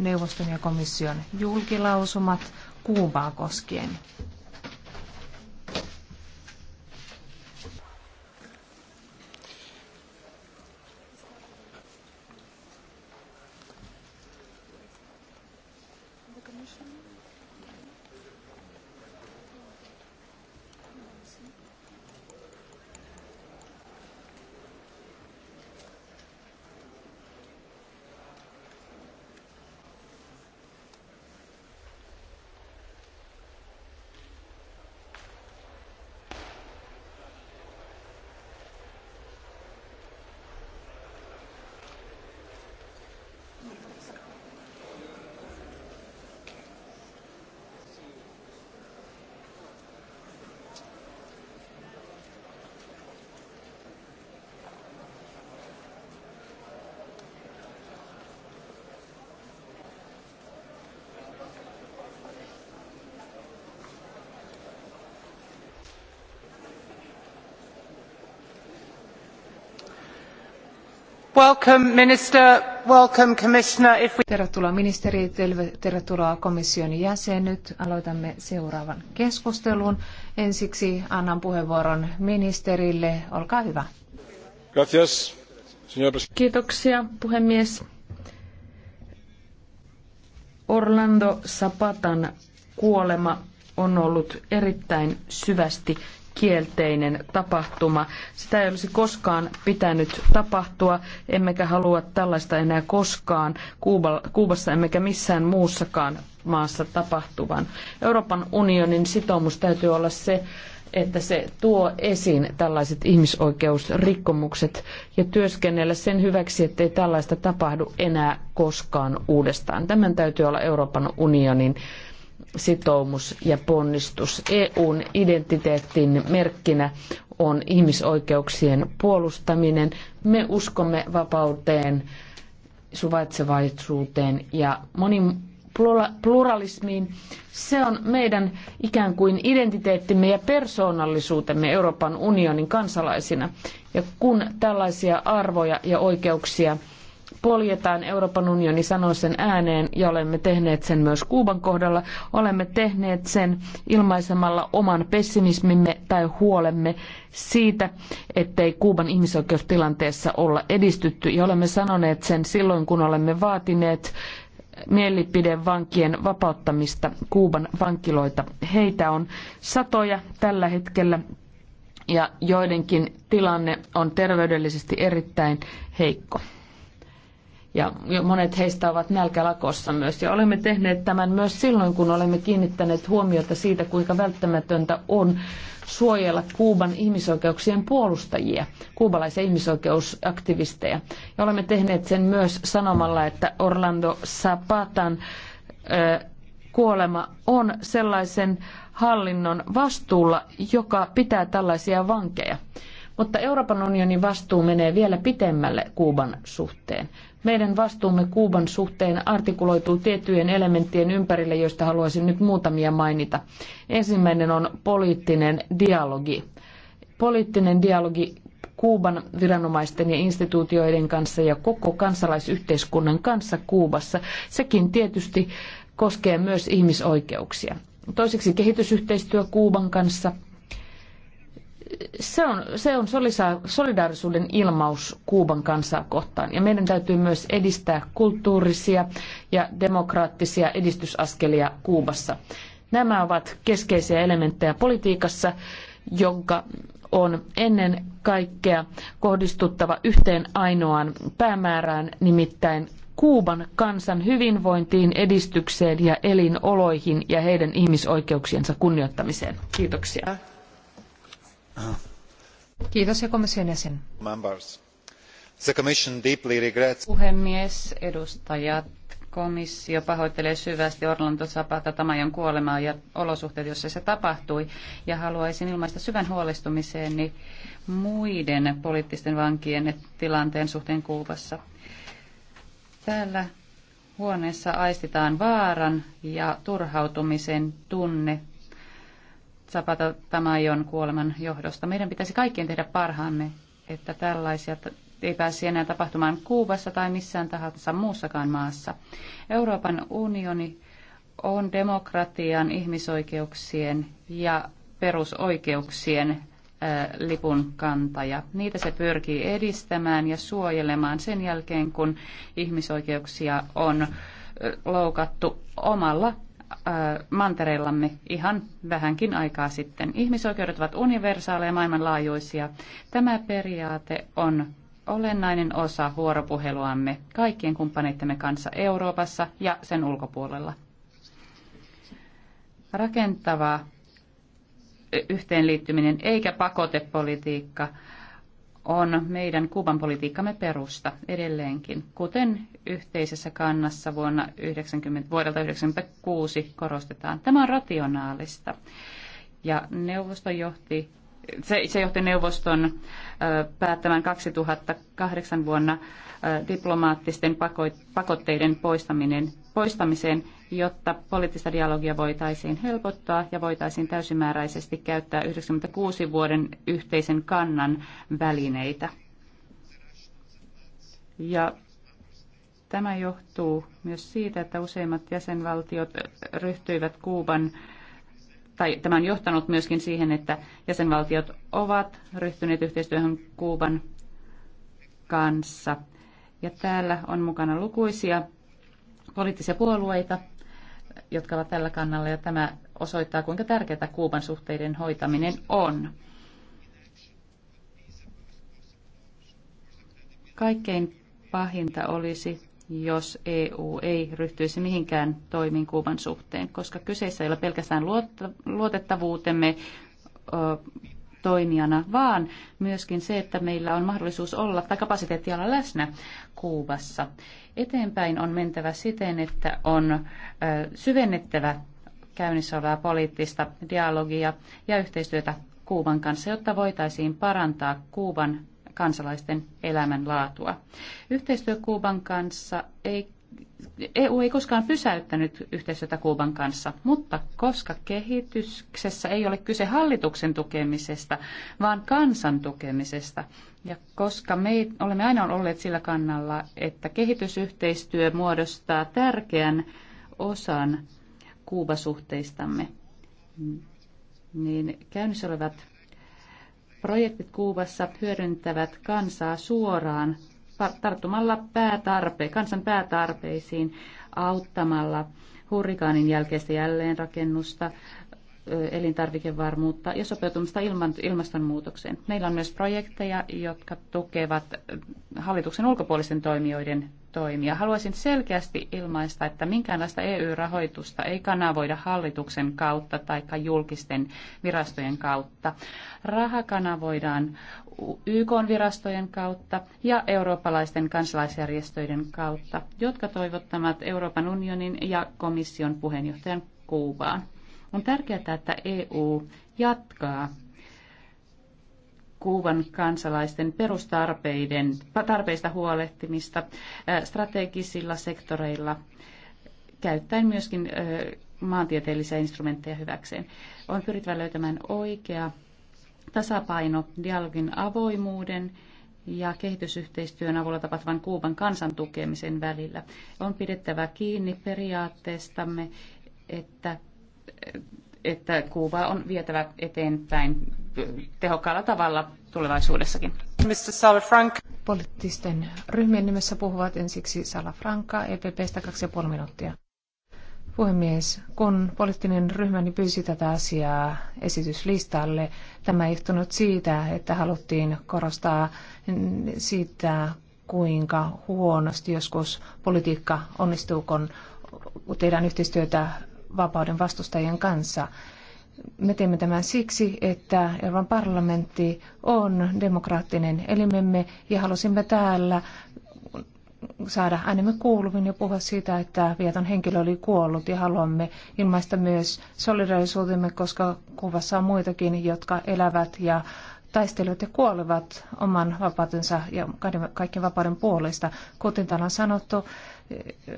neuvoston ja komission julkilausumat Kuubaa koskien. Tervetuloa ministeri, tervetuloa komission nyt Aloitamme seuraavan keskustelun. Ensiksi annan puheenvuoron ministerille. Olkaa hyvä. Kiitoksia, puhemies. Orlando Sapatan kuolema on ollut erittäin syvästi kielteinen tapahtuma. Sitä ei olisi koskaan pitänyt tapahtua, emmekä halua tällaista enää koskaan Kuubassa emmekä missään muussakaan maassa tapahtuvan. Euroopan unionin sitoumus täytyy olla se, että se tuo esiin tällaiset ihmisoikeusrikkomukset ja työskennellä sen hyväksi, ettei tällaista tapahdu enää koskaan uudestaan. Tämän täytyy olla Euroopan unionin sitoumus ja ponnistus. EUn identiteetin merkkinä on ihmisoikeuksien puolustaminen. Me uskomme vapauteen, suvaitsevaisuuteen ja monin pluralismiin. Se on meidän ikään kuin identiteettimme ja persoonallisuutemme Euroopan unionin kansalaisina. Ja kun tällaisia arvoja ja oikeuksia poljetaan Euroopan unioni sanoo sen ääneen ja olemme tehneet sen myös Kuuban kohdalla. Olemme tehneet sen ilmaisemalla oman pessimismimme tai huolemme siitä, ettei Kuuban ihmisoikeustilanteessa olla edistytty ja olemme sanoneet sen silloin, kun olemme vaatineet mielipidevankien vapauttamista Kuuban vankiloita. Heitä on satoja tällä hetkellä ja joidenkin tilanne on terveydellisesti erittäin heikko ja monet heistä ovat nälkälakossa myös. Ja olemme tehneet tämän myös silloin, kun olemme kiinnittäneet huomiota siitä, kuinka välttämätöntä on suojella Kuuban ihmisoikeuksien puolustajia, kuubalaisia ihmisoikeusaktivisteja. Ja olemme tehneet sen myös sanomalla, että Orlando Zapatan ö, kuolema on sellaisen hallinnon vastuulla, joka pitää tällaisia vankeja. Mutta Euroopan unionin vastuu menee vielä pitemmälle Kuuban suhteen. Meidän vastuumme Kuuban suhteen artikuloituu tiettyjen elementtien ympärille, joista haluaisin nyt muutamia mainita. Ensimmäinen on poliittinen dialogi. Poliittinen dialogi Kuuban viranomaisten ja instituutioiden kanssa ja koko kansalaisyhteiskunnan kanssa Kuubassa. Sekin tietysti koskee myös ihmisoikeuksia. Toiseksi kehitysyhteistyö Kuuban kanssa – se on, se on solidaarisuuden ilmaus Kuuban kansaa kohtaan. Ja meidän täytyy myös edistää kulttuurisia ja demokraattisia edistysaskelia Kuubassa. Nämä ovat keskeisiä elementtejä politiikassa, jonka on ennen kaikkea kohdistuttava yhteen ainoaan päämäärään, nimittäin Kuuban kansan hyvinvointiin, edistykseen ja elinoloihin ja heidän ihmisoikeuksiensa kunnioittamiseen. Kiitoksia. Kiitos ja komission jäsen. The commission deeply regrets... Puhemies, edustajat, komissio pahoittelee syvästi Orlando Zapata Tamajan kuolemaa ja olosuhteet, joissa se tapahtui. Ja haluaisin ilmaista syvän huolestumiseeni muiden poliittisten vankien tilanteen suhteen Kuubassa. Täällä huoneessa aistitaan vaaran ja turhautumisen tunne Zapata Tamajon kuoleman johdosta. Meidän pitäisi kaikkien tehdä parhaamme, että tällaisia ei pääsi enää tapahtumaan Kuubassa tai missään tahansa muussakaan maassa. Euroopan unioni on demokratian, ihmisoikeuksien ja perusoikeuksien lipun kantaja. Niitä se pyrkii edistämään ja suojelemaan sen jälkeen, kun ihmisoikeuksia on loukattu omalla mantereillamme ihan vähänkin aikaa sitten. Ihmisoikeudet ovat universaaleja ja maailmanlaajuisia. Tämä periaate on olennainen osa vuoropuheluamme kaikkien kumppaneittemme kanssa Euroopassa ja sen ulkopuolella. Rakentava yhteenliittyminen eikä pakotepolitiikka on meidän Kuuban politiikkamme perusta edelleenkin, kuten yhteisessä kannassa vuonna 90, vuodelta 1996 korostetaan. Tämä on rationaalista. Ja neuvosto johti, se, se johti neuvoston ö, päättämään 2008 vuonna diplomaattisten pakotteiden poistaminen, poistamiseen, jotta poliittista dialogia voitaisiin helpottaa ja voitaisiin täysimääräisesti käyttää 96 vuoden yhteisen kannan välineitä. Ja tämä johtuu myös siitä, että useimmat jäsenvaltiot ryhtyivät Kuuban tai tämä on johtanut myöskin siihen, että jäsenvaltiot ovat ryhtyneet yhteistyöhön Kuuban kanssa ja täällä on mukana lukuisia poliittisia puolueita, jotka ovat tällä kannalla, ja tämä osoittaa, kuinka tärkeää Kuuban suhteiden hoitaminen on. Kaikkein pahinta olisi, jos EU ei ryhtyisi mihinkään toimiin Kuuban suhteen, koska kyseessä ei ole pelkästään luotettavuutemme toimijana, vaan myöskin se, että meillä on mahdollisuus olla tai kapasiteetti olla läsnä Kuubassa. Eteenpäin on mentävä siten, että on syvennettävä käynnissä olevaa poliittista dialogia ja yhteistyötä Kuuban kanssa, jotta voitaisiin parantaa Kuuban kansalaisten elämänlaatua. Yhteistyö Kuuban kanssa ei EU ei koskaan pysäyttänyt yhteistyötä Kuuban kanssa, mutta koska kehityksessä ei ole kyse hallituksen tukemisesta, vaan kansan tukemisesta, ja koska me olemme aina olleet sillä kannalla, että kehitysyhteistyö muodostaa tärkeän osan Kuubasuhteistamme, niin käynnissä olevat projektit Kuubassa hyödyntävät kansaa suoraan tarttumalla päätarpe, kansan päätarpeisiin, auttamalla hurrikaanin jälkeistä jälleenrakennusta, elintarvikevarmuutta ja sopeutumista ilmastonmuutokseen. Meillä on myös projekteja, jotka tukevat hallituksen ulkopuolisten toimijoiden toimia. Haluaisin selkeästi ilmaista, että minkäänlaista EU-rahoitusta ei kanavoida hallituksen kautta tai julkisten virastojen kautta. Raha kanavoidaan YK-virastojen kautta ja eurooppalaisten kansalaisjärjestöiden kautta, jotka toivottavat Euroopan unionin ja komission puheenjohtajan Kuubaan. On tärkeää, että EU jatkaa Kuuban kansalaisten perustarpeiden, tarpeista huolehtimista strategisilla sektoreilla, käyttäen myöskin maantieteellisiä instrumentteja hyväkseen. On pyrittävä löytämään oikea tasapaino dialogin avoimuuden ja kehitysyhteistyön avulla tapahtuvan Kuuban kansan tukemisen välillä. On pidettävä kiinni periaatteestamme, että, että Kuuba on vietävä eteenpäin tehokkaalla tavalla tulevaisuudessakin. Mr. Salafrank, Poliittisten ryhmien nimessä puhuvat ensiksi Salafranka, EPPstä 2,5 minuuttia. Puhemies, kun poliittinen ryhmäni pyysi tätä asiaa esityslistalle, tämä ei johtunut siitä, että haluttiin korostaa siitä kuinka huonosti joskus politiikka onnistuu, kun tehdään yhteistyötä vapauden vastustajien kanssa. Me teemme tämän siksi, että Euroopan parlamentti on demokraattinen elimemme ja halusimme täällä saada äänemme kuuluvin ja puhua siitä, että vieton henkilö oli kuollut ja haluamme ilmaista myös solidarisuutemme, koska kuvassa on muitakin, jotka elävät ja taistelevat ja kuolevat oman vapautensa ja kaiken vapauden puolesta. Kuten täällä on sanottu,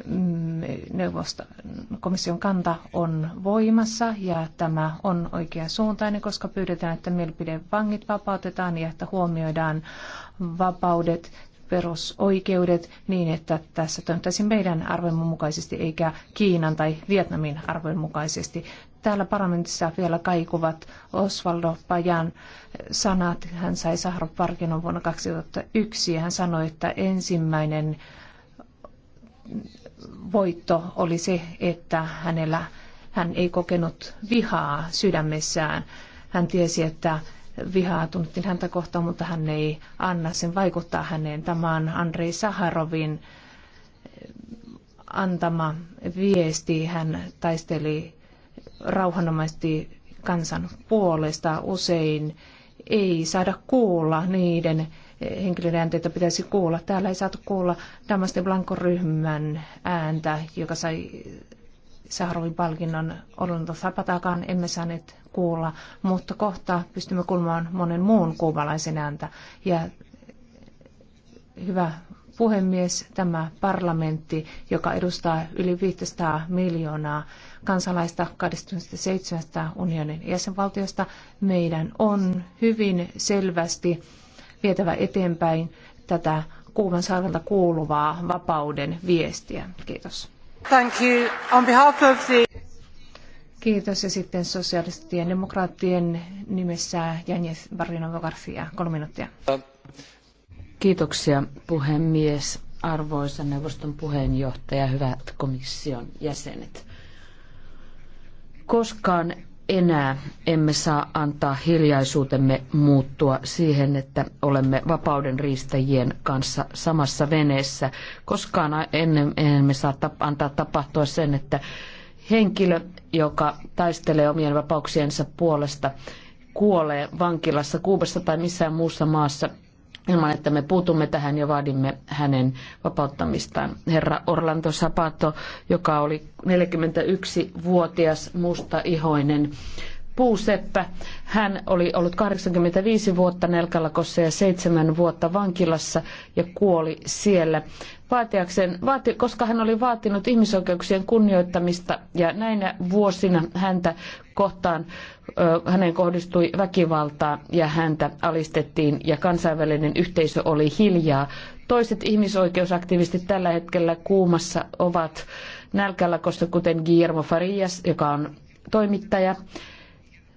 Mm, neuvosto, komission kanta on voimassa ja tämä on oikea suuntainen, koska pyydetään, että mielipidevangit vapautetaan ja että huomioidaan vapaudet perusoikeudet niin, että tässä toimittaisiin meidän arvoimme mukaisesti eikä Kiinan tai Vietnamin arvojen mukaisesti. Täällä parlamentissa vielä kaikuvat Osvaldo Pajan sanat. Hän sai Saharov-palkinnon vuonna 2001 ja hän sanoi, että ensimmäinen voitto oli se, että hänellä, hän ei kokenut vihaa sydämessään. Hän tiesi, että vihaa tunnettiin häntä kohtaan, mutta hän ei anna sen vaikuttaa häneen. Tämä on Andrei Saharovin eh, antama viesti. Hän taisteli rauhanomaisesti kansan puolesta usein. Ei saada kuulla niiden henkilöiden pitäisi kuulla. Täällä ei saatu kuulla Damaste Blanco-ryhmän ääntä, joka sai Saharovin palkinnon Orlando Zapatakaan. emme saaneet kuulla, mutta kohta pystymme kuulemaan monen muun kuubalaisen ääntä. Ja hyvä puhemies, tämä parlamentti, joka edustaa yli 500 miljoonaa kansalaista 27 unionin jäsenvaltiosta, meidän on hyvin selvästi vietävä eteenpäin tätä Kuuban saarelta kuuluvaa vapauden viestiä. Kiitos. Thank you. On behalf of the... Kiitos. Ja sitten sosialistien demokraattien nimessä Jänjes Barrino Garcia, kolme minuuttia. Kiitoksia puhemies, arvoisa neuvoston puheenjohtaja, hyvät komission jäsenet. Koskaan enää emme saa antaa hiljaisuutemme muuttua siihen, että olemme vapauden riistäjien kanssa samassa veneessä. Koskaan ennen emme saa antaa tapahtua sen, että henkilö, joka taistelee omien vapauksiensa puolesta, kuolee vankilassa Kuubassa tai missään muussa maassa ilman, että me puutumme tähän ja vaadimme hänen vapauttamistaan. Herra Orlando Sapato, joka oli 41-vuotias musta ihoinen puuseppä. Hän oli ollut 85 vuotta nälkälakossa ja seitsemän vuotta vankilassa ja kuoli siellä. vaati, koska hän oli vaatinut ihmisoikeuksien kunnioittamista ja näinä vuosina häntä kohtaan, hänen kohdistui väkivaltaa ja häntä alistettiin ja kansainvälinen yhteisö oli hiljaa. Toiset ihmisoikeusaktivistit tällä hetkellä kuumassa ovat nälkälakossa, kuten Guillermo Farias, joka on toimittaja,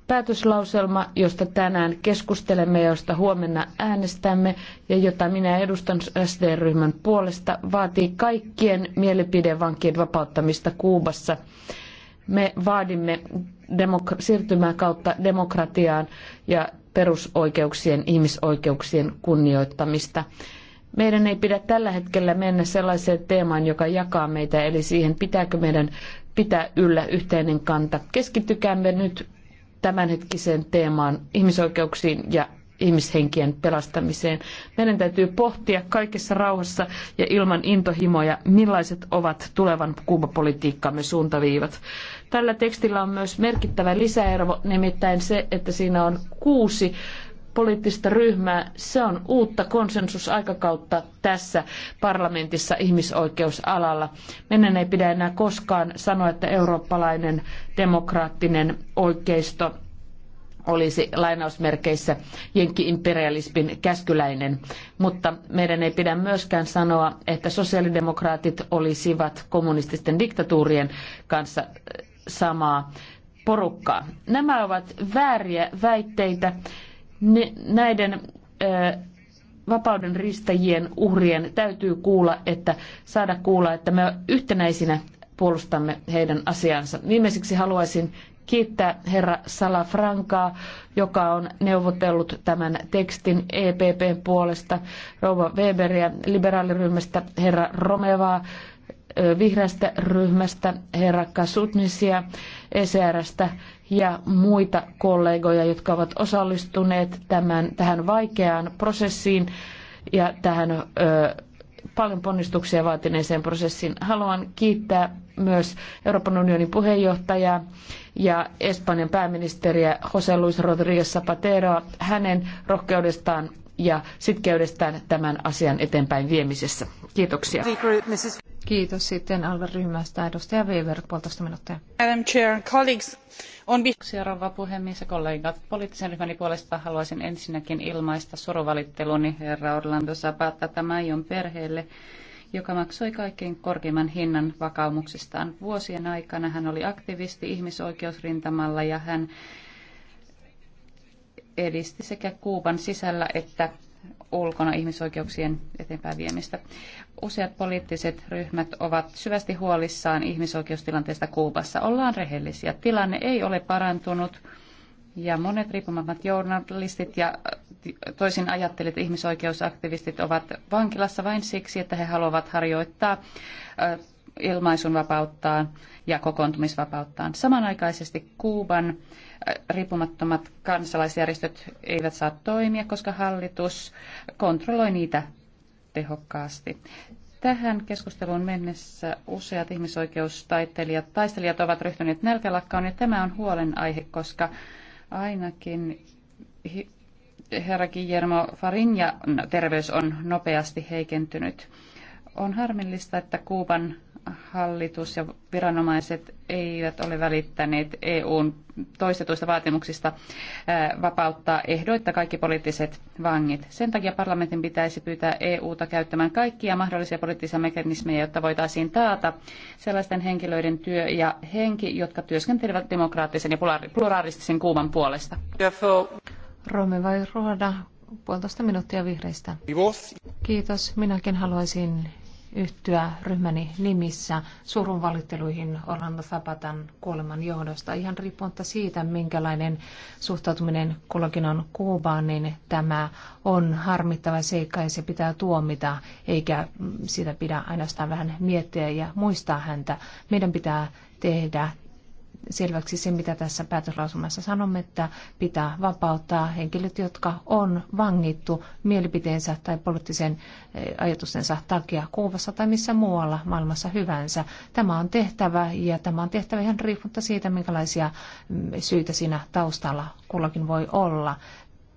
päätöslauselma, josta tänään keskustelemme ja josta huomenna äänestämme ja jota minä edustan SD-ryhmän puolesta, vaatii kaikkien mielipidevankien vapauttamista Kuubassa. Me vaadimme demok- siirtymää kautta demokratiaan ja perusoikeuksien, ihmisoikeuksien kunnioittamista. Meidän ei pidä tällä hetkellä mennä sellaiseen teemaan, joka jakaa meitä, eli siihen pitääkö meidän pitää yllä yhteinen kanta. Keskittykäämme nyt tämänhetkiseen teemaan ihmisoikeuksiin ja ihmishenkien pelastamiseen. Meidän täytyy pohtia kaikessa rauhassa ja ilman intohimoja, millaiset ovat tulevan kuumapolitiikkamme suuntaviivat. Tällä tekstillä on myös merkittävä lisäarvo, nimittäin se, että siinä on kuusi poliittista ryhmää. Se on uutta konsensusaikakautta tässä parlamentissa ihmisoikeusalalla. Meidän ei pidä enää koskaan sanoa, että eurooppalainen demokraattinen oikeisto olisi lainausmerkeissä jenkki-imperialismin käskyläinen. Mutta meidän ei pidä myöskään sanoa, että sosiaalidemokraatit olisivat kommunististen diktatuurien kanssa äh, samaa porukkaa. Nämä ovat vääriä väitteitä ne, näiden ö, vapauden ristäjien uhrien täytyy kuulla, että saada kuulla, että me yhtenäisinä puolustamme heidän asiansa. Viimeiseksi haluaisin kiittää herra Sala Frankaa, joka on neuvotellut tämän tekstin EPPn puolesta, rouva Weberiä liberaaliryhmästä, herra Romevaa, vihreästä ryhmästä, herra Kasutnisia, ECRstä ja muita kollegoja, jotka ovat osallistuneet tämän, tähän vaikeaan prosessiin ja tähän ö, paljon ponnistuksia vaatineeseen prosessiin. Haluan kiittää myös Euroopan unionin puheenjohtajaa ja Espanjan pääministeriä José Luis Rodríguez Zapateroa hänen rohkeudestaan ja sitkeydestään tämän asian eteenpäin viemisessä. Kiitoksia. Kiitos sitten Alve-ryhmästä edustaja puolitoista minuuttia. Madam Chair, colleagues, on Seuraava puhemies ja kollegat. Poliittisen ryhmäni puolesta haluaisin ensinnäkin ilmaista suruvalitteluni herra Orlando Zapata jon perheelle, joka maksoi kaikkein korkeimman hinnan vakaumuksistaan. Vuosien aikana hän oli aktivisti ihmisoikeusrintamalla ja hän edisti sekä Kuuban sisällä että ulkona ihmisoikeuksien eteenpäin viemistä. Useat poliittiset ryhmät ovat syvästi huolissaan ihmisoikeustilanteesta Kuubassa. Ollaan rehellisiä. Tilanne ei ole parantunut ja monet riippumattomat journalistit ja äh, toisin ajattelijat ihmisoikeusaktivistit ovat vankilassa vain siksi, että he haluavat harjoittaa äh, ilmaisunvapauttaan ja kokoontumisvapauttaan. Samanaikaisesti Kuuban äh, riippumattomat kansalaisjärjestöt eivät saa toimia, koska hallitus kontrolloi niitä tehokkaasti. Tähän keskusteluun mennessä useat ihmisoikeustaiteilijat taistelijat ovat ryhtyneet nälkälakkaan ja tämä on huolenaihe, koska ainakin herra Guillermo Farinja no, terveys on nopeasti heikentynyt. On harmillista, että Kuuban hallitus ja viranomaiset eivät ole välittäneet EUn toistetuista vaatimuksista vapauttaa ehdoitta kaikki poliittiset vangit. Sen takia parlamentin pitäisi pyytää EUta käyttämään kaikkia mahdollisia poliittisia mekanismeja, jotta voitaisiin taata sellaisten henkilöiden työ ja henki, jotka työskentelevät demokraattisen ja pluralistisen kuuman puolesta. Rome vai Ruoda, puolitoista minuuttia vihreistä. Kiitos. Minäkin haluaisin yhtyä ryhmäni nimissä surunvalitteluihin Orlando Zapatan kuoleman johdosta. Ihan riippumatta siitä, minkälainen suhtautuminen kullakin on Kuubaan, niin tämä on harmittava seikka ja se pitää tuomita, eikä mm, sitä pidä ainoastaan vähän miettiä ja muistaa häntä. Meidän pitää tehdä selväksi se, mitä tässä päätöslausumassa sanomme, että pitää vapauttaa henkilöt, jotka on vangittu mielipiteensä tai poliittisen eh, ajatustensa takia Kuubassa tai missä muualla maailmassa hyvänsä. Tämä on tehtävä ja tämä on tehtävä ihan riippumatta siitä, minkälaisia mm, syitä siinä taustalla kullakin voi olla.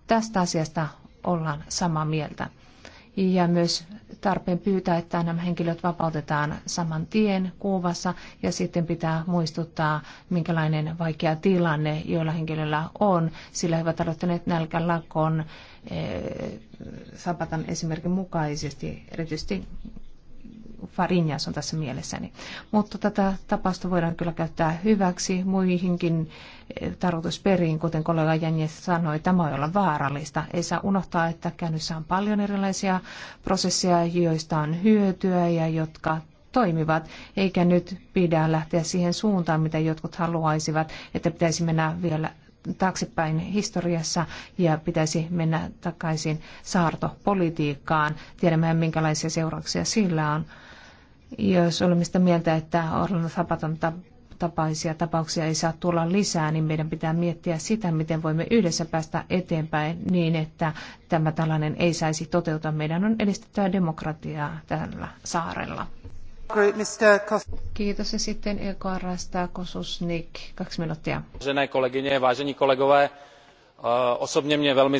Tästä asiasta ollaan samaa mieltä ja myös tarpeen pyytää, että nämä henkilöt vapautetaan saman tien Kuuvassa ja sitten pitää muistuttaa, minkälainen vaikea tilanne joilla henkilöillä on, sillä he ovat aloittaneet nälkälakon Sapatan eh, esimerkin mukaisesti, erityisesti Farinjas on tässä mielessäni. Mutta tätä tapausta voidaan kyllä käyttää hyväksi muihinkin eh, tarkoitusperiin, kuten kollega Jänjes sanoi, tämä voi olla vaarallista. Ei saa unohtaa, että käynnissä on paljon erilaisia prosesseja, joista on hyötyä ja jotka toimivat, eikä nyt pidä lähteä siihen suuntaan, mitä jotkut haluaisivat, että pitäisi mennä vielä taaksepäin historiassa ja pitäisi mennä takaisin saartopolitiikkaan. Tiedämme, minkälaisia seurauksia sillä on. Jos olemme sitä mieltä, että Orlando Zapaton tapaisia tapauksia ei saa tulla lisää, niin meidän pitää miettiä sitä, miten voimme yhdessä päästä eteenpäin niin, että tämä tällainen ei saisi toteutua. Meidän on edistettävä demokratiaa tällä saarella. Kiitos ja sitten EKRstä Kosusnik, kaksi minuuttia. Vážené kolegyně, vážení kolegové, eh, osobně mě velmi...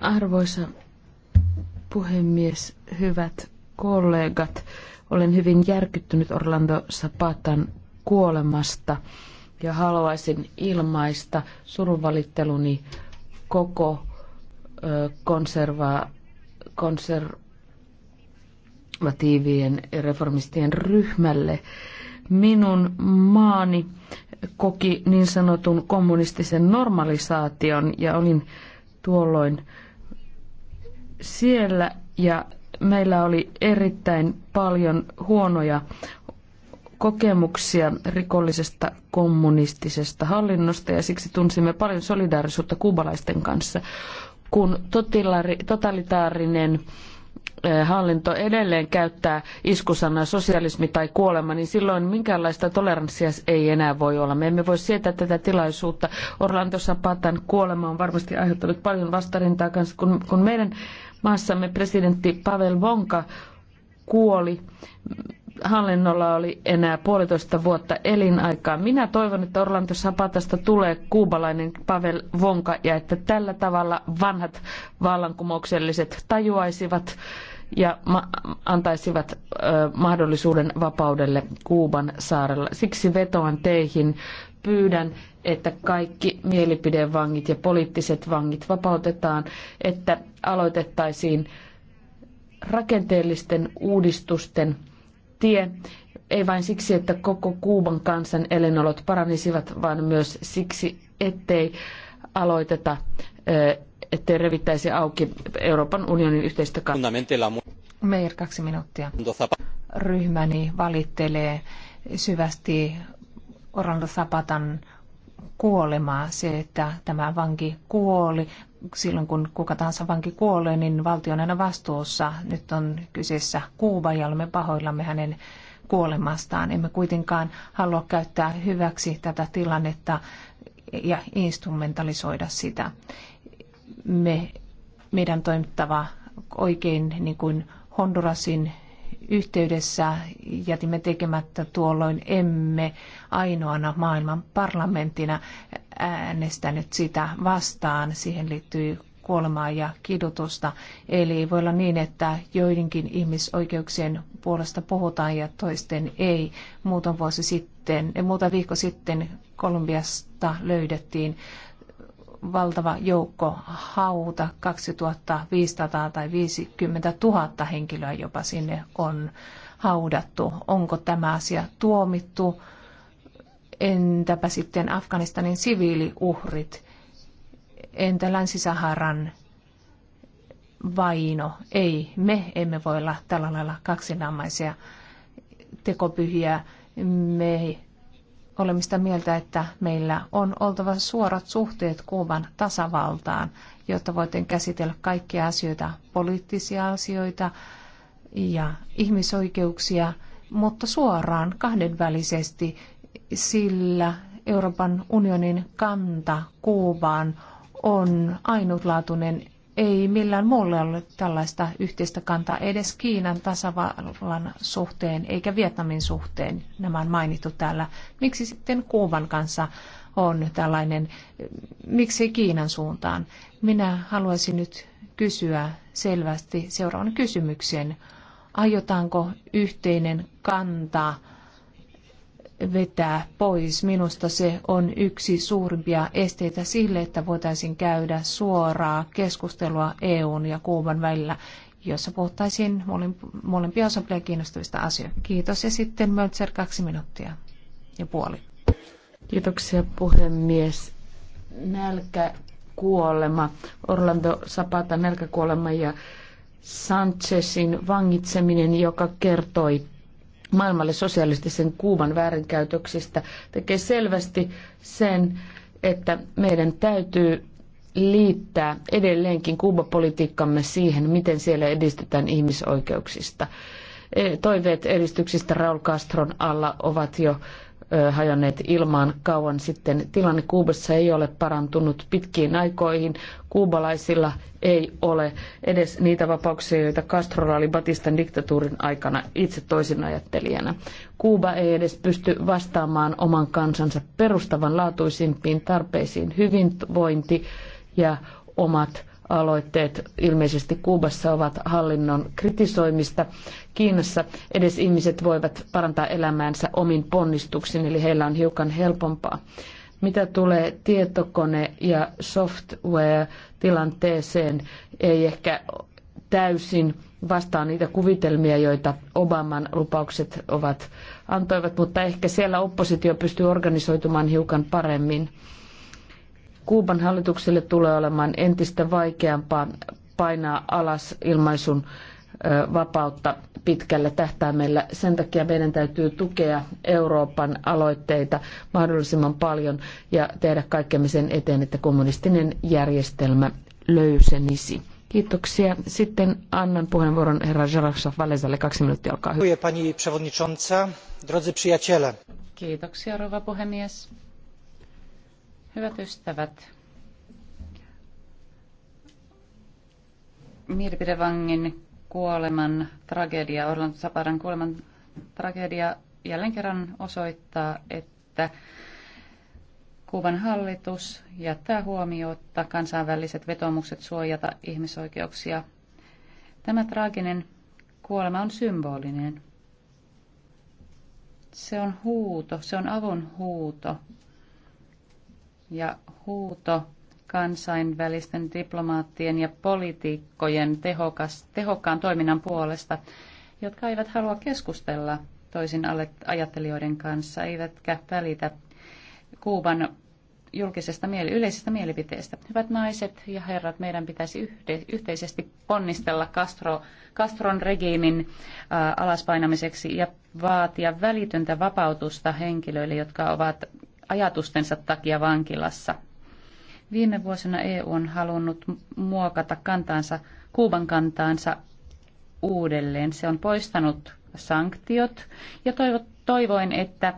Arvoisa puhemies, hyvät kollegat. Olen hyvin järkyttynyt Orlando Sapatan kuolemasta ja haluaisin ilmaista surunvalitteluni koko konserva, konservatiivien reformistien ryhmälle. Minun maani koki niin sanotun kommunistisen normalisaation ja olin tuolloin siellä ja meillä oli erittäin paljon huonoja kokemuksia rikollisesta kommunistisesta hallinnosta ja siksi tunsimme paljon solidaarisuutta kuubalaisten kanssa, kun totalitaarinen hallinto edelleen käyttää iskusanaa sosialismi tai kuolema, niin silloin minkäänlaista toleranssia ei enää voi olla. Me emme voi sietää tätä tilaisuutta. Orlando Sapatan kuolema on varmasti aiheuttanut paljon vastarintaa kanssa, kun, kun meidän Maassamme presidentti Pavel Vonka kuoli. Hallinnolla oli enää puolitoista vuotta elinaikaa. Minä toivon, että Orlando Zapatasta tulee kuubalainen Pavel Vonka ja että tällä tavalla vanhat vallankumoukselliset tajuaisivat ja antaisivat mahdollisuuden vapaudelle Kuuban saarella. Siksi vetoan teihin pyydän, että kaikki mielipidevangit ja poliittiset vangit vapautetaan, että aloitettaisiin rakenteellisten uudistusten tie, ei vain siksi, että koko Kuuban kansan elinolot paranisivat, vaan myös siksi, ettei aloiteta, ettei revittäisi auki Euroopan unionin yhteistä kantaa. Meijer, kaksi minuuttia. Ryhmäni valittelee syvästi Orlando Zapatan kuolemaa, se, että tämä vanki kuoli. Silloin kun kuka tahansa vanki kuolee, niin valtio on aina vastuussa. Nyt on kyseessä Kuuba ja olemme pahoillamme hänen kuolemastaan. Emme kuitenkaan halua käyttää hyväksi tätä tilannetta ja instrumentalisoida sitä. Me, meidän toimittava oikein niin kuin Hondurasin yhteydessä jätimme tekemättä tuolloin emme ainoana maailman parlamenttina äänestänyt sitä vastaan. Siihen liittyy kuolemaa ja kidutusta. Eli voi olla niin, että joidenkin ihmisoikeuksien puolesta puhutaan ja toisten ei. Muutama vuosi sitten, muutama viikko sitten Kolumbiasta löydettiin valtava joukko hauta, 2500 tai 50 000 henkilöä jopa sinne on haudattu. Onko tämä asia tuomittu? Entäpä sitten Afganistanin siviiliuhrit? Entä Länsi-Saharan vaino? Ei, me emme voi olla tällä lailla kaksinammaisia tekopyhiä. Me olemme sitä mieltä, että meillä on oltava suorat suhteet Kuuban tasavaltaan, jotta voitiin käsitellä kaikkia asioita, poliittisia asioita ja ihmisoikeuksia, mutta suoraan kahdenvälisesti, sillä Euroopan unionin kanta Kuubaan on ainutlaatuinen ei millään muulle ole tällaista yhteistä kantaa edes Kiinan tasavallan suhteen eikä Vietnamin suhteen. Nämä on mainittu täällä. Miksi sitten Kuuban kanssa on tällainen, miksi Kiinan suuntaan? Minä haluaisin nyt kysyä selvästi seuraavan kysymyksen. Aiotaanko yhteinen kanta vetää pois. Minusta se on yksi suurimpia esteitä sille, että voitaisiin käydä suoraa keskustelua EUn ja Kuuban välillä, jossa puhuttaisiin molempia osapuolia kiinnostavista asioista. Kiitos ja sitten Möltser kaksi minuuttia ja puoli. Kiitoksia puhemies. Nälkä kuolema, Orlando Zapata nälkäkuolema ja Sanchezin vangitseminen, joka kertoi maailmalle sosialistisen kuuman väärinkäytöksistä tekee selvästi sen, että meidän täytyy liittää edelleenkin Kuuba-politiikkamme siihen, miten siellä edistetään ihmisoikeuksista. E, toiveet edistyksistä Raul Castron alla ovat jo hajonneet ilmaan kauan sitten. Tilanne Kuubassa ei ole parantunut pitkiin aikoihin. Kuubalaisilla ei ole edes niitä vapauksia, joita castro oli Batistan diktatuurin aikana itse toisinajattelijana. Kuuba ei edes pysty vastaamaan oman kansansa perustavanlaatuisimpiin tarpeisiin hyvinvointi ja omat aloitteet ilmeisesti Kuubassa ovat hallinnon kritisoimista. Kiinassa edes ihmiset voivat parantaa elämäänsä omin ponnistuksin, eli heillä on hiukan helpompaa. Mitä tulee tietokone- ja software-tilanteeseen, ei ehkä täysin vastaa niitä kuvitelmia, joita Obaman lupaukset ovat antoivat, mutta ehkä siellä oppositio pystyy organisoitumaan hiukan paremmin. Kuuban hallitukselle tulee olemaan entistä vaikeampaa painaa alas ilmaisun vapautta pitkällä tähtäimellä. Sen takia meidän täytyy tukea Euroopan aloitteita mahdollisimman paljon ja tehdä kaikkemme sen eteen, että kommunistinen järjestelmä löysenisi. Kiitoksia. Sitten annan puheenvuoron herra Jarosław Valesalle. Kaksi minuuttia, olkaa hyvä. Pani przewodnicząca, drodzy przyjaciele. Kiitoksia, rouva puhemies. Hyvät ystävät, mielipidevangin kuoleman tragedia, Orlando Saparan kuoleman tragedia jälleen kerran osoittaa, että Kuuban hallitus jättää huomiota kansainväliset vetomukset suojata ihmisoikeuksia. Tämä traaginen kuolema on symbolinen. Se on huuto, se on avun huuto ja huuto kansainvälisten diplomaattien ja poliitikkojen tehokas, tehokkaan toiminnan puolesta, jotka eivät halua keskustella toisin ajattelijoiden kanssa, eivätkä välitä Kuuban julkisesta mieli, yleisestä mielipiteestä. Hyvät naiset ja herrat, meidän pitäisi yhde, yhteisesti ponnistella Castro, Castron regiimin ä, äh, alaspainamiseksi ja vaatia välitöntä vapautusta henkilöille, jotka ovat ajatustensa takia vankilassa. Viime vuosina EU on halunnut muokata kantaansa, Kuuban kantaansa uudelleen. Se on poistanut sanktiot ja toivo, toivoin, että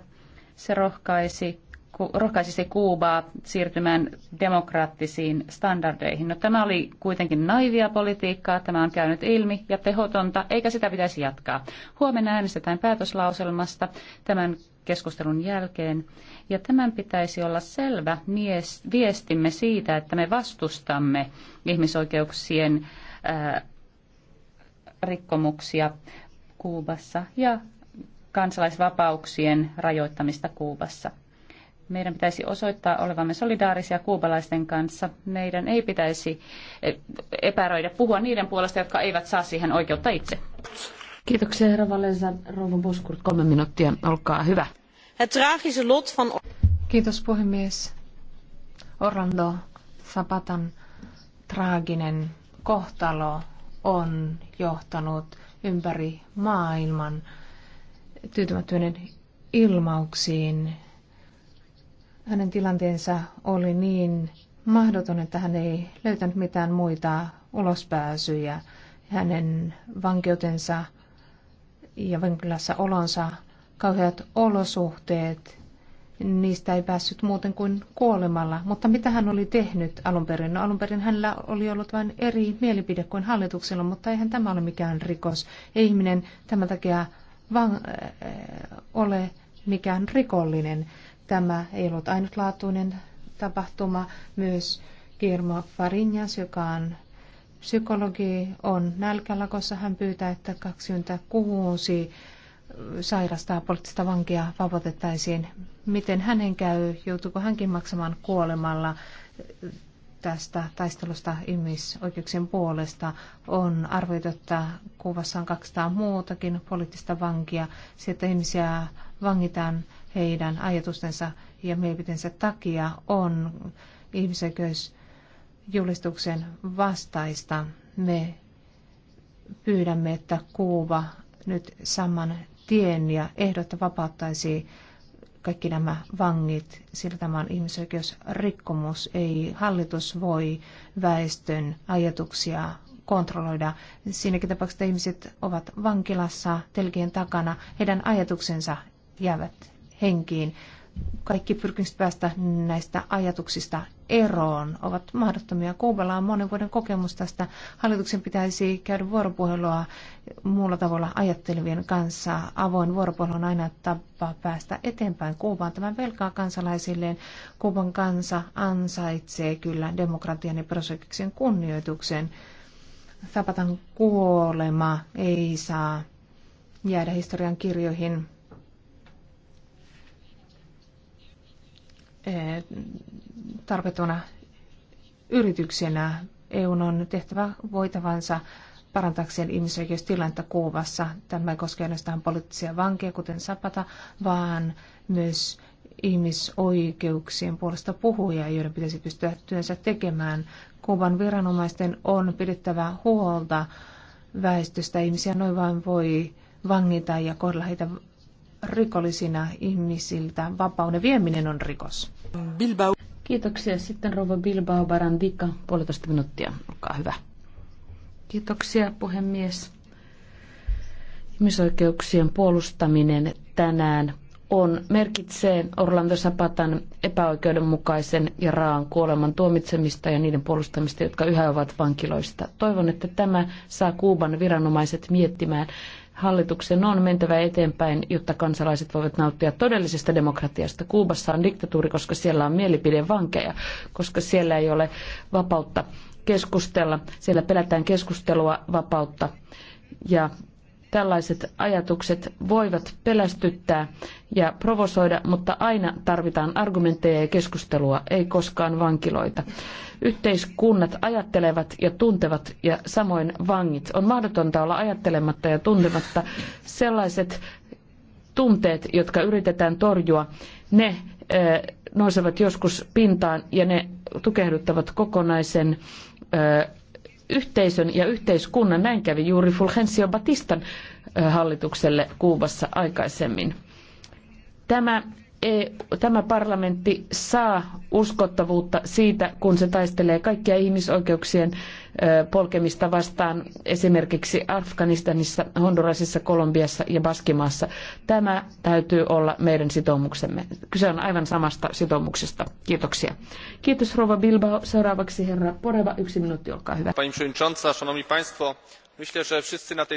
se rohkaisi, ku, rohkaisisi Kuubaa siirtymään demokraattisiin standardeihin. No, tämä oli kuitenkin naivia politiikkaa, tämä on käynyt ilmi ja tehotonta, eikä sitä pitäisi jatkaa. Huomenna äänestetään päätöslauselmasta tämän keskustelun jälkeen. Ja tämän pitäisi olla selvä viestimme siitä, että me vastustamme ihmisoikeuksien rikkomuksia Kuubassa ja kansalaisvapauksien rajoittamista Kuubassa. Meidän pitäisi osoittaa olevamme solidaarisia kuubalaisten kanssa. Meidän ei pitäisi epäröidä puhua niiden puolesta, jotka eivät saa siihen oikeutta itse. Kiitoksia herra Valensa. Rouva Buskurt, kolme minuuttia. Olkaa hyvä. Het tragische lot van... Kiitos puhemies. Orlando Zapatan traaginen kohtalo on johtanut ympäri maailman tyytymättömyyden ilmauksiin. Hänen tilanteensa oli niin mahdoton, että hän ei löytänyt mitään muita ulospääsyjä. Hänen vankeutensa ja vankilassa olonsa kauheat olosuhteet, niistä ei päässyt muuten kuin kuolemalla. Mutta mitä hän oli tehnyt alun perin? No alun perin hänellä oli ollut vain eri mielipide kuin hallituksella, mutta eihän tämä ole mikään rikos. Ei ihminen tämän takia vaan, äh, ole mikään rikollinen. Tämä ei ollut ainutlaatuinen tapahtuma. Myös Kirmo Farinjas, joka on psykologi, on nälkälakossa. Hän pyytää, että 26 sairastaa poliittista vankia vapautettaisiin. Miten hänen käy? Joutuuko hänkin maksamaan kuolemalla tästä taistelusta ihmisoikeuksien puolesta? On arvioitu, että kuvassa on 200 muutakin poliittista vankia. Sieltä ihmisiä vangitaan heidän ajatustensa ja mielipiteensä takia on ihmisoikeusjulistuksen vastaista. Me pyydämme, että Kuuba nyt saman tien ja ehdotta vapauttaisi kaikki nämä vangit, sillä tämä on ihmisoikeusrikkomus. Ei hallitus voi väestön ajatuksia kontrolloida. Siinäkin tapauksessa ihmiset ovat vankilassa telkien takana, heidän ajatuksensa jäävät henkiin. Kaikki pyrkimykset päästä näistä ajatuksista eroon ovat mahdottomia. Kuubella on monen vuoden kokemus tästä. Hallituksen pitäisi käydä vuoropuhelua muulla tavalla ajattelevien kanssa. Avoin vuoropuhelu on aina tapa päästä eteenpäin. Kuubaan. tämän velkaa kansalaisilleen. Kuuban kansa ansaitsee kyllä demokratian ja perusoikeuksien kunnioituksen. Zapatan kuolema ei saa jäädä historian kirjoihin Eh, tarpeettomana yrityksenä. EUn on tehtävä voitavansa parantaakseen ihmisoikeustilannetta Kuubassa. Tämä ei koske ainoastaan poliittisia vankeja, kuten Sapata, vaan myös ihmisoikeuksien puolesta puhuja, joiden pitäisi pystyä työnsä tekemään. Kuuban viranomaisten on pidettävä huolta väestöstä. Ihmisiä noin vain voi vangita ja kohdella heitä rikollisina ihmisiltä vapauden vieminen on rikos. Bilbao. Kiitoksia. Sitten rouva Bilbao Barandika, puolitoista minuuttia. Olkaa hyvä. Kiitoksia puhemies. Ihmisoikeuksien puolustaminen tänään on merkitsee Orlando Sapatan epäoikeudenmukaisen ja raan kuoleman tuomitsemista ja niiden puolustamista, jotka yhä ovat vankiloista. Toivon, että tämä saa Kuuban viranomaiset miettimään, Hallituksen on mentävä eteenpäin, jotta kansalaiset voivat nauttia todellisesta demokratiasta. Kuubassa on diktatuuri, koska siellä on mielipidevankeja, koska siellä ei ole vapautta keskustella. Siellä pelätään keskustelua, vapautta ja Tällaiset ajatukset voivat pelästyttää ja provosoida, mutta aina tarvitaan argumentteja ja keskustelua, ei koskaan vankiloita. Yhteiskunnat ajattelevat ja tuntevat ja samoin vangit. On mahdotonta olla ajattelematta ja tuntematta sellaiset tunteet, jotka yritetään torjua. Ne nousevat joskus pintaan ja ne tukehduttavat kokonaisen yhteisön ja yhteiskunnan. Näin kävi juuri Fulgencio Batistan hallitukselle Kuubassa aikaisemmin. Tämä E tämä parlamentti saa uskottavuutta siitä, kun se taistelee kaikkia ihmisoikeuksien polkemista vastaan esimerkiksi Afganistanissa, Hondurasissa, Kolumbiassa ja Baskimaassa. Tämä täytyy olla meidän sitoumuksemme. Kyse on aivan samasta sitoumuksesta. Kiitoksia. Kiitos Rova Bilbao. Seuraavaksi herra Poreva. Yksi minuutti, olkaa hyvä.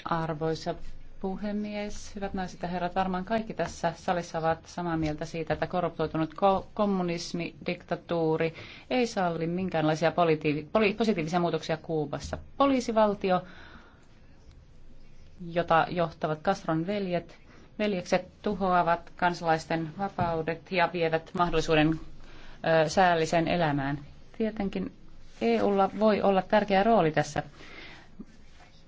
Arvoisa puhemies, hyvät naiset ja herrat, varmaan kaikki tässä salissa ovat samaa mieltä siitä, että korruptoitunut kommunismi, diktatuuri ei salli minkäänlaisia positiivisia muutoksia Kuubassa. Poliisivaltio, jota johtavat Castron veljet, veljekset tuhoavat kansalaisten vapaudet ja vievät mahdollisuuden ö, säälliseen elämään. Tietenkin EUlla voi olla tärkeä rooli tässä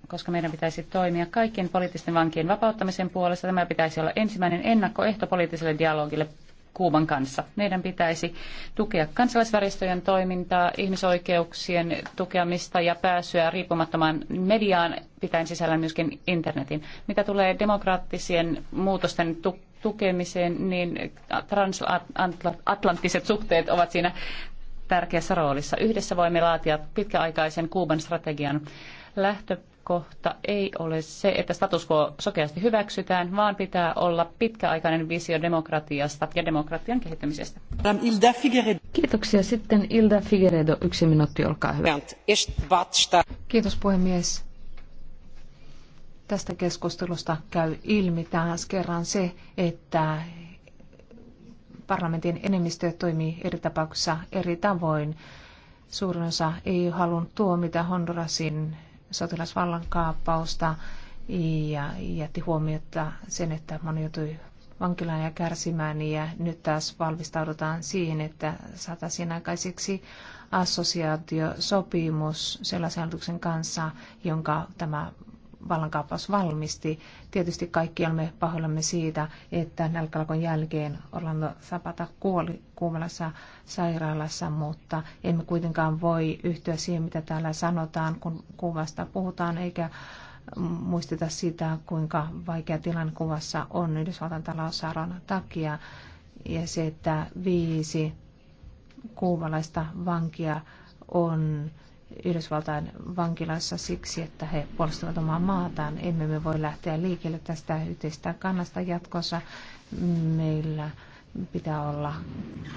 koska meidän pitäisi toimia kaikkien poliittisten vankien vapauttamisen puolesta. Tämä pitäisi olla ensimmäinen ennakkoehto poliittiselle dialogille Kuuban kanssa. Meidän pitäisi tukea kansalaisväristöjen toimintaa, ihmisoikeuksien tukemista ja pääsyä riippumattomaan mediaan, pitäen sisällä myöskin internetin. Mitä tulee demokraattisien muutosten tu- tukemiseen, niin transatlanttiset suhteet ovat siinä tärkeässä roolissa. Yhdessä voimme laatia pitkäaikaisen Kuuban strategian lähtö lähtökohta ei ole se, että status quo sokeasti hyväksytään, vaan pitää olla pitkäaikainen visio demokratiasta ja demokratian kehittämisestä. Kiitoksia. Sitten Ilda Figueredo, yksi minuutti, olkaa hyvä. Kiitos puhemies. Tästä keskustelusta käy ilmi taas kerran se, että parlamentin enemmistö toimii eri tapauksissa eri tavoin. Suurin osa ei halunnut tuomita Hondurasin sotilasvallankaappausta ja jätti huomiota sen, että moni joutui vankilaan ja kärsimään ja nyt taas valmistaudutaan siihen, että saataisiin aikaiseksi assosiaatiosopimus sellaisen hallituksen kanssa, jonka tämä vallankaappaus valmisti. Tietysti kaikki olemme pahoillamme siitä, että nälkälakon jälkeen Orlando Zapata kuoli kuumalassa sairaalassa, mutta emme kuitenkaan voi yhtyä siihen, mitä täällä sanotaan, kun kuvasta puhutaan, eikä muisteta sitä, kuinka vaikea tilanne kuvassa on Yhdysvaltain talousarvon takia. Ja se, että viisi kuumalaista vankia on Yhdysvaltain vankilassa siksi, että he puolustavat omaa maataan. Emme me voi lähteä liikkeelle tästä yhteistä kannasta jatkossa. Meillä pitää olla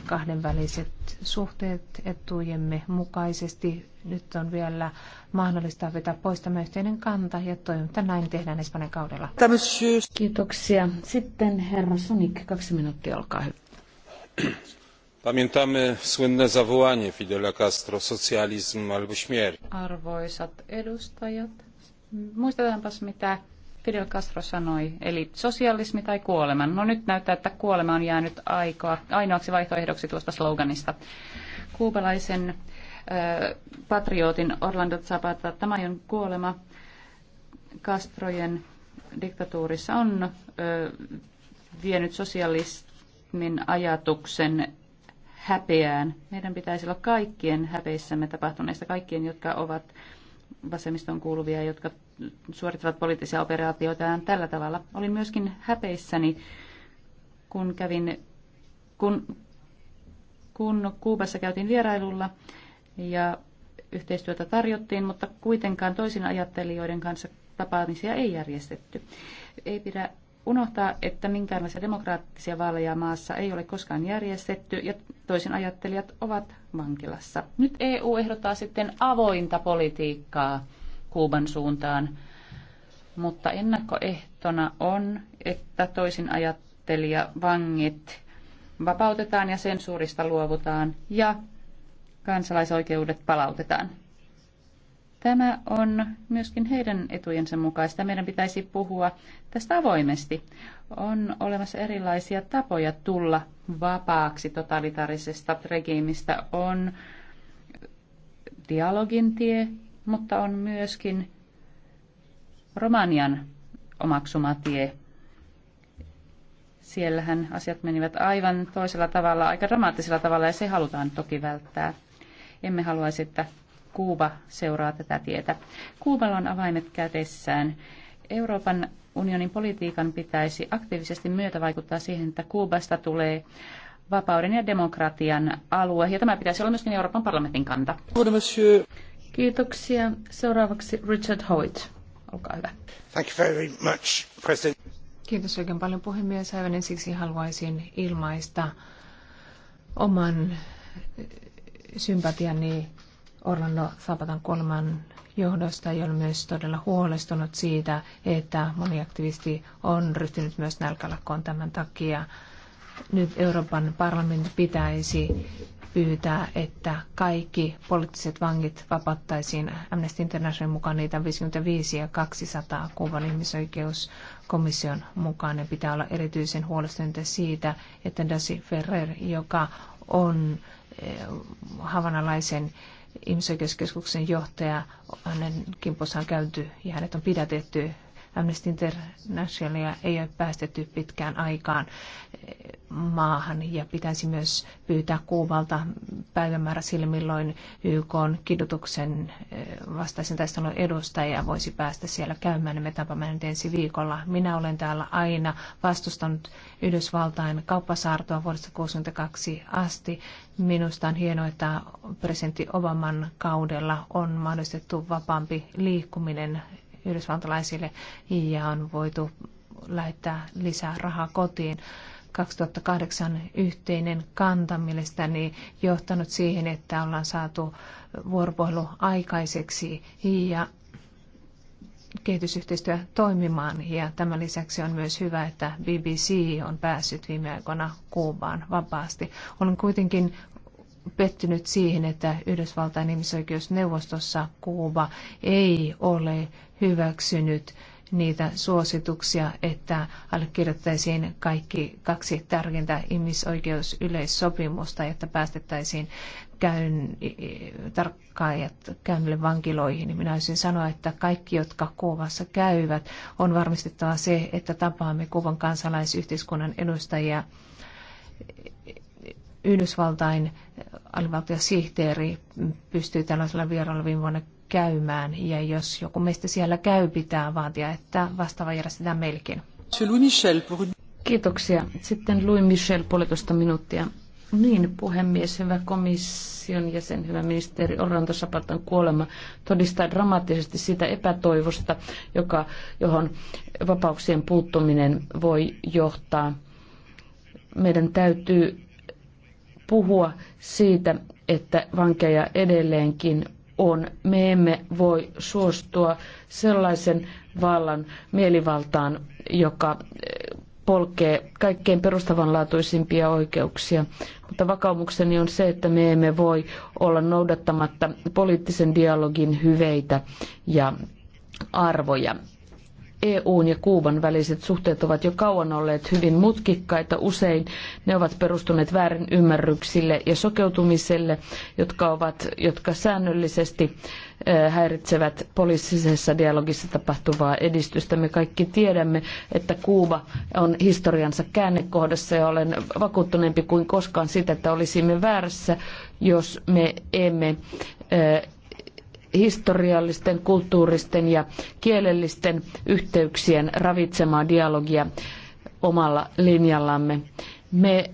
kahdenväliset suhteet etujemme mukaisesti. Nyt on vielä mahdollista vetää pois tämä yhteinen kanta ja toivon, että näin tehdään Espanjan kaudella. Kiitoksia. Sitten herra Sonik, kaksi minuuttia, olkaa hyvä pamiętamy słynne zawołanie fidela castro socjalizm albo śmierć. arvoisat edustajat muistetaanpas mitä Fidel Castro sanoi, eli sosialismi tai kuolema. No nyt näyttää, että kuolema on jäänyt aikoa, ainoaksi vaihtoehdoksi tuosta sloganista. Kuubalaisen patriotin Orlando Zapata on kuolema Castrojen diktatuurissa on vienyt sosialismin ajatuksen häpeään. Meidän pitäisi olla kaikkien häpeissämme tapahtuneista, kaikkien, jotka ovat vasemmiston kuuluvia, jotka suorittavat poliittisia operaatioitaan tällä tavalla. Olin myöskin häpeissäni, kun kävin, kun, kun Kuubassa käytiin vierailulla ja yhteistyötä tarjottiin, mutta kuitenkaan toisin ajattelijoiden kanssa tapaamisia ei järjestetty. Ei pidä unohtaa, että minkäänlaisia demokraattisia vaaleja maassa ei ole koskaan järjestetty ja toisin ajattelijat ovat vankilassa. Nyt EU ehdottaa sitten avointa politiikkaa Kuuban suuntaan, mutta ennakkoehtona on, että toisin ajattelija vangit vapautetaan ja sensuurista luovutaan ja kansalaisoikeudet palautetaan. Tämä on myöskin heidän etujensa mukaista. Meidän pitäisi puhua tästä avoimesti. On olemassa erilaisia tapoja tulla vapaaksi totalitarisesta regiimistä. On dialogin tie, mutta on myöskin Romanian omaksuma tie. Siellähän asiat menivät aivan toisella tavalla, aika dramaattisella tavalla, ja se halutaan toki välttää. Emme haluaisi, että Kuuba seuraa tätä tietä. Kuuballa on avaimet kädessään. Euroopan unionin politiikan pitäisi aktiivisesti myötävaikuttaa siihen, että Kuubasta tulee vapauden ja demokratian alue. Ja tämä pitäisi olla myöskin Euroopan parlamentin kanta. Kiitoksia. Seuraavaksi Richard Hoyt. Olkaa hyvä. Thank you very much, President. Kiitos oikein paljon puhemies. Aivan ensiksi haluaisin ilmaista oman sympatiani Orlando Sabatan kolman johdosta ei ole myös todella huolestunut siitä, että moni aktivisti on ryhtynyt myös nälkälakkoon tämän takia. Nyt Euroopan parlamentti pitäisi pyytää, että kaikki poliittiset vangit vapattaisiin. Amnesty International mukaan niitä 55 ja 200 kuvan ihmisoikeuskomission mukaan. Ne pitää olla erityisen huolestuneita siitä, että Dasi Ferrer, joka on eh, havanalaisen ihmisoikeuskeskuksen johtaja, hänen on käyty ja hänet on pidätetty Amnesty Internationalia ei ole päästetty pitkään aikaan eh, maahan ja pitäisi myös pyytää Kuubalta päivämäärä sille, milloin YK on kidutuksen eh, vastaisen taistelun edustaja voisi päästä siellä käymään. Me tapamme nyt ensi viikolla. Minä olen täällä aina vastustanut Yhdysvaltain kauppasaartoa vuodesta 1962 asti. Minusta on hienoa, että presidentti Obaman kaudella on mahdollistettu vapaampi liikkuminen yhdysvaltalaisille ja on voitu lähettää lisää rahaa kotiin. 2008 yhteinen kanta mielestäni johtanut siihen, että ollaan saatu vuoropuhelu aikaiseksi ja kehitysyhteistyö toimimaan. Ja tämän lisäksi on myös hyvä, että BBC on päässyt viime aikoina Kuubaan vapaasti. Olen kuitenkin pettynyt siihen, että Yhdysvaltain ihmisoikeusneuvostossa Kuuba ei ole hyväksynyt niitä suosituksia, että allekirjoittaisiin kaikki kaksi tärkeintä ihmisoikeusyleissopimusta, että päästettäisiin käyn, tarkkaajat käynnille vankiloihin. Minä olisin sanoa, että kaikki, jotka kuvassa käyvät, on varmistettava se, että tapaamme kuvan kansalaisyhteiskunnan edustajia Yhdysvaltain alivaltiosihteeri pystyi tällaisella vierailulla viime vuonna käymään. Ja jos joku meistä siellä käy, pitää vaatia, että vastaava järjestetään meillekin. Kiitoksia. Sitten Louis Michel puolitoista minuuttia. Niin, puhemies, hyvä komission jäsen, hyvä ministeri Orlando Sapatan kuolema todistaa dramaattisesti sitä epätoivosta, joka, johon vapauksien puuttuminen voi johtaa. Meidän täytyy puhua siitä, että vankeja edelleenkin on. Me emme voi suostua sellaisen vallan mielivaltaan, joka eh, polkee kaikkein perustavanlaatuisimpia oikeuksia. Mutta vakaumukseni on se, että me emme voi olla noudattamatta poliittisen dialogin hyveitä ja arvoja. EUn ja Kuuban väliset suhteet ovat jo kauan olleet hyvin mutkikkaita. Usein ne ovat perustuneet väärin ymmärryksille ja sokeutumiselle, jotka, ovat, jotka säännöllisesti eh, häiritsevät poliittisessa dialogissa tapahtuvaa edistystä. Me kaikki tiedämme, että Kuuba on historiansa käännekohdassa ja olen vakuuttuneempi kuin koskaan siitä, että olisimme väärässä, jos me emme eh, historiallisten, kulttuuristen ja kielellisten yhteyksien ravitsemaa dialogia omalla linjallamme. Me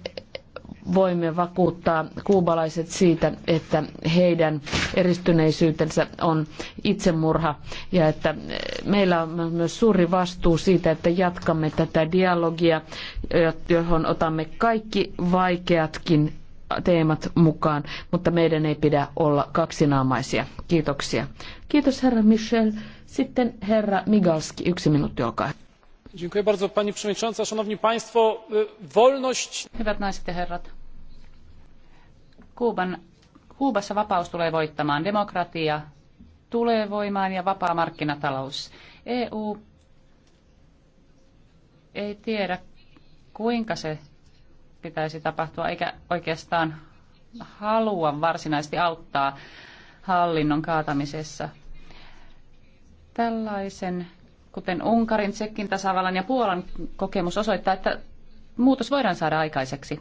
voimme vakuuttaa kuubalaiset siitä, että heidän eristyneisyytensä on itsemurha ja että meillä on myös suuri vastuu siitä, että jatkamme tätä dialogia, johon otamme kaikki vaikeatkin teemat mukaan, mutta meidän ei pidä olla kaksinaamaisia. Kiitoksia. Kiitos herra Michel. Sitten herra Migalski, yksi minuutti, olkaa bardzo pani przewodnicząca, szanowni państwo, wolność... Hyvät naiset ja herrat, Kuuban, Kuubassa vapaus tulee voittamaan, demokratia tulee voimaan ja vapaa markkinatalous. EU ei tiedä, kuinka se pitäisi tapahtua, eikä oikeastaan halua varsinaisesti auttaa hallinnon kaatamisessa. Tällaisen, kuten Unkarin, Tsekin tasavallan ja Puolan kokemus osoittaa, että muutos voidaan saada aikaiseksi.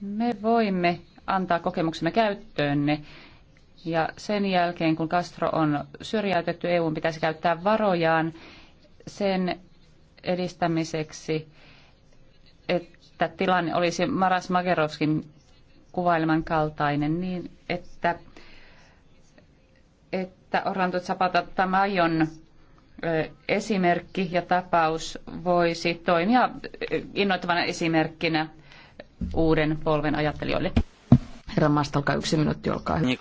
Me voimme antaa kokemuksemme käyttöönne ja sen jälkeen, kun Castro on syrjäytetty, EU pitäisi käyttää varojaan sen edistämiseksi, että että tilanne olisi Maras Magerovskin kuvaileman kaltainen niin, että, että Orlando Zapata Tamajon esimerkki ja tapaus voisi toimia innoittavana esimerkkinä uuden polven ajattelijoille. Herra Mastalka, yksi minuutti, olkaa hyvä. Niin,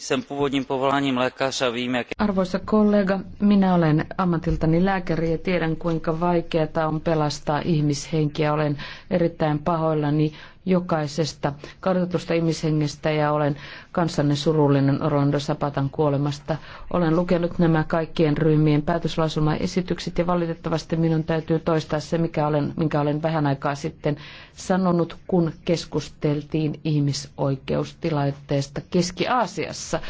Jsem původním povoláním lékař a vím, jak... Arvoisa kollega, minä olen ammatiltani lääkäri ja tiedän, kuinka vaikeaa on pelastaa ihmishenkiä. Olen erittäin pahoillani jokaisesta kadotetusta ihmishengestä ja olen kanssanne surullinen Orondo Sapatan kuolemasta. Olen lukenut nämä kaikkien ryhmien päätöslauselmaesitykset ja valitettavasti minun täytyy toistaa se, mikä olen, minkä olen vähän aikaa sitten sanonut, kun keskusteltiin ihmisoikeustilanteesta Keski-Aasiassa.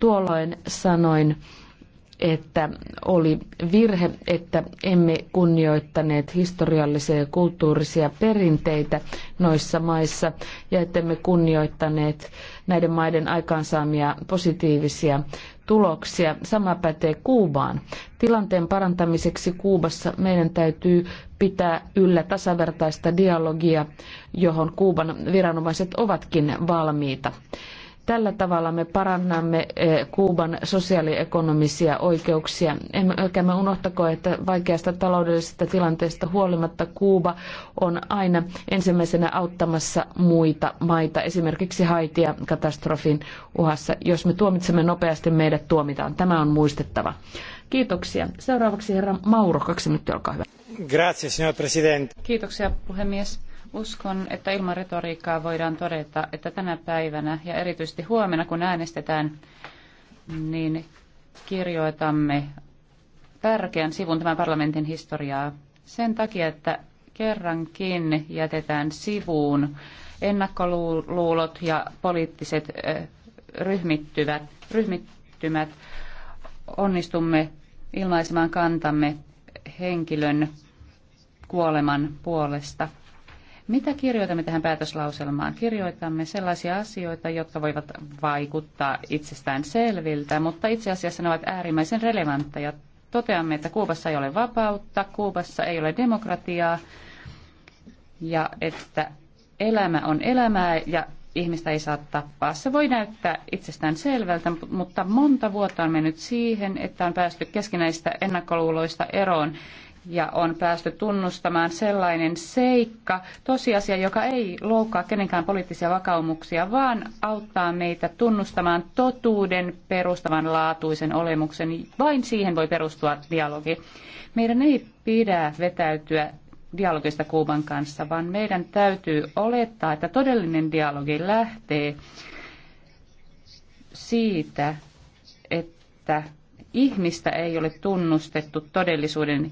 Tuolloin sanoin, että oli virhe, että emme kunnioittaneet historiallisia ja kulttuurisia perinteitä noissa maissa ja että emme kunnioittaneet näiden maiden aikaansaamia positiivisia tuloksia. Sama pätee Kuubaan. Tilanteen parantamiseksi Kuubassa meidän täytyy pitää yllä tasavertaista dialogia, johon Kuuban viranomaiset ovatkin valmiita. Tällä tavalla me parannamme eh, Kuuban sosiaaliekonomisia oikeuksia. me unohtako, että vaikeasta taloudellisesta tilanteesta huolimatta Kuuba on aina ensimmäisenä auttamassa muita maita, esimerkiksi Haitia katastrofin uhassa. Jos me tuomitsemme nopeasti, meidät tuomitaan. Tämä on muistettava. Kiitoksia. Seuraavaksi herra Mauro, kaksi minuuttia, olkaa hyvä. Grazie, signor Presidente. Kiitoksia, puhemies Uskon, että ilman retoriikkaa voidaan todeta, että tänä päivänä ja erityisesti huomenna, kun äänestetään, niin kirjoitamme tärkeän sivun tämän parlamentin historiaa sen takia, että kerrankin jätetään sivuun ennakkoluulot ja poliittiset ryhmittyvät, ryhmittymät. Onnistumme ilmaisemaan kantamme henkilön kuoleman puolesta. Mitä kirjoitamme tähän päätöslauselmaan? Kirjoitamme sellaisia asioita, jotka voivat vaikuttaa itsestään selviltä, mutta itse asiassa ne ovat äärimmäisen relevantteja. Toteamme, että Kuubassa ei ole vapautta, Kuubassa ei ole demokratiaa ja että elämä on elämää ja ihmistä ei saa tappaa. Se voi näyttää itsestään selvältä, mutta monta vuotta on mennyt siihen, että on päästy keskinäistä ennakkoluuloista eroon ja on päästy tunnustamaan sellainen seikka, tosiasia, joka ei loukkaa kenenkään poliittisia vakaumuksia, vaan auttaa meitä tunnustamaan totuuden perustavan laatuisen olemuksen. Vain siihen voi perustua dialogi. Meidän ei pidä vetäytyä dialogista Kuuban kanssa, vaan meidän täytyy olettaa, että todellinen dialogi lähtee siitä, että ihmistä ei ole tunnustettu todellisuuden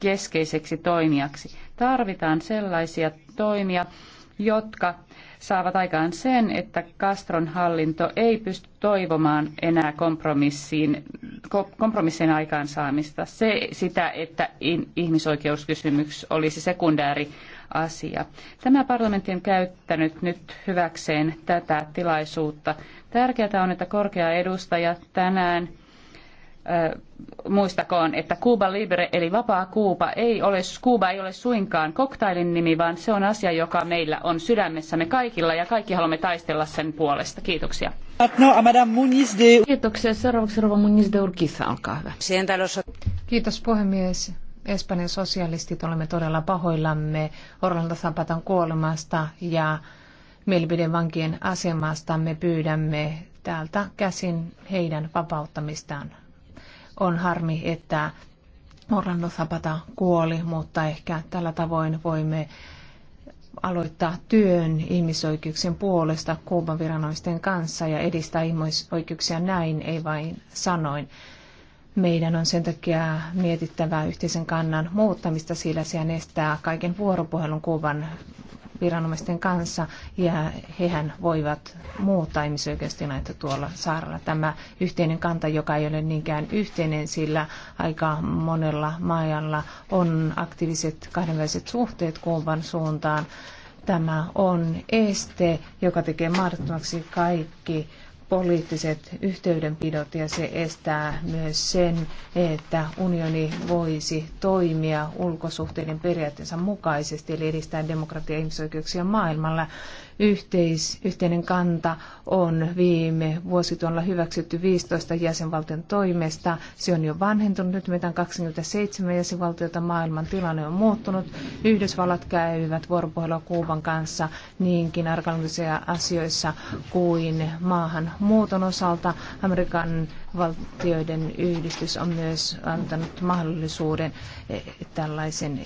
keskeiseksi toimijaksi. Tarvitaan sellaisia toimia, jotka saavat aikaan sen, että Castron hallinto ei pysty toivomaan enää kompromissiin, kompromissien aikaansaamista. Se, sitä, että ihmisoikeuskysymys olisi sekundääri asia. Tämä parlamentti on käyttänyt nyt hyväkseen tätä tilaisuutta. Tärkeää on, että korkea edustaja tänään – muistakoon, että Cuba Libre eli vapaa Kuuba ei ole, Kuuba ei ole suinkaan koktailin nimi, vaan se on asia, joka meillä on sydämessämme kaikilla ja kaikki haluamme taistella sen puolesta. Kiitoksia. No, Kiitoksia. Seuraavaksi Rova Muniz de Urquiza, olkaa hyvä. Kiitos puhemies. Espanjan sosialistit olemme todella pahoillamme Orlando Zapatan kuolemasta ja mielipidevankien asemasta. Me pyydämme täältä käsin heidän vapauttamistaan. On harmi, että Orlando Zapata kuoli, mutta ehkä tällä tavoin voimme aloittaa työn ihmisoikeuksien puolesta Kuuban viranomaisten kanssa ja edistää ihmisoikeuksia näin, ei vain sanoin. Meidän on sen takia mietittävä yhteisen kannan muuttamista, sillä se estää kaiken vuoropuhelun Kuuban viranomaisten kanssa ja hehän voivat muuttaa ihmisoikeustilannetta tuolla saarella. Tämä yhteinen kanta, joka ei ole niinkään yhteinen, sillä aika monella maajalla on aktiiviset kahdenväliset suhteet Kuuban suuntaan. Tämä on este, joka tekee mahdottomaksi kaikki poliittiset yhteydenpidot ja se estää myös sen, että unioni voisi toimia ulkosuhteiden periaatteensa mukaisesti eli edistää demokratiaa ja ihmisoikeuksia maailmalla yhteis, yhteinen kanta on viime vuosituonna hyväksytty 15 jäsenvaltion toimesta. Se on jo vanhentunut. Nyt meitä on 27 jäsenvaltiota. Maailman tilanne on muuttunut. Yhdysvallat käyvät vuoropuhelua Kuuban kanssa niinkin arkaluontoisia asioissa kuin maahanmuuton osalta. Amerikan valtioiden yhdistys on myös antanut mahdollisuuden eh, tällaisen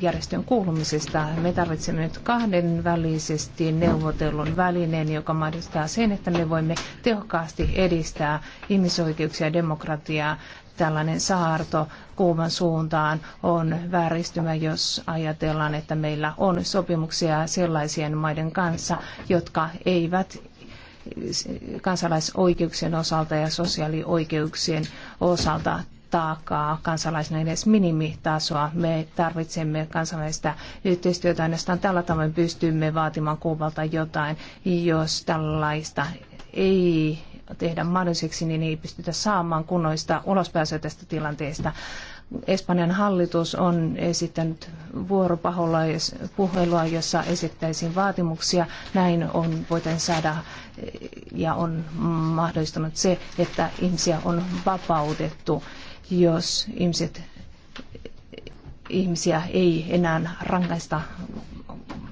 järjestön kuulumisesta. Me tarvitsemme nyt kahdenvälisesti neuvotellun välineen, joka mahdollistaa sen, että me voimme tehokkaasti edistää ihmisoikeuksia ja demokratiaa. Tällainen saarto Kuuban suuntaan on vääristymä, jos ajatellaan, että meillä on sopimuksia sellaisien maiden kanssa, jotka eivät kansalaisoikeuksien osalta ja sosiaalioikeuksien osalta taakkaa kansalaisena edes minimitasoa. Me tarvitsemme kansainvälistä yhteistyötä ainoastaan tällä tavoin pystymme vaatimaan kuvalta jotain, jos tällaista ei tehdä mahdolliseksi, niin ei pystytä saamaan kunnoista ulospääsyä tästä tilanteesta. Espanjan hallitus on esittänyt vuoropaholla puhelua, jossa esittäisiin vaatimuksia. Näin on voitain saada ja on mahdollistanut se, että ihmisiä on vapautettu jos ihmiset, ihmisiä ei enää rankaista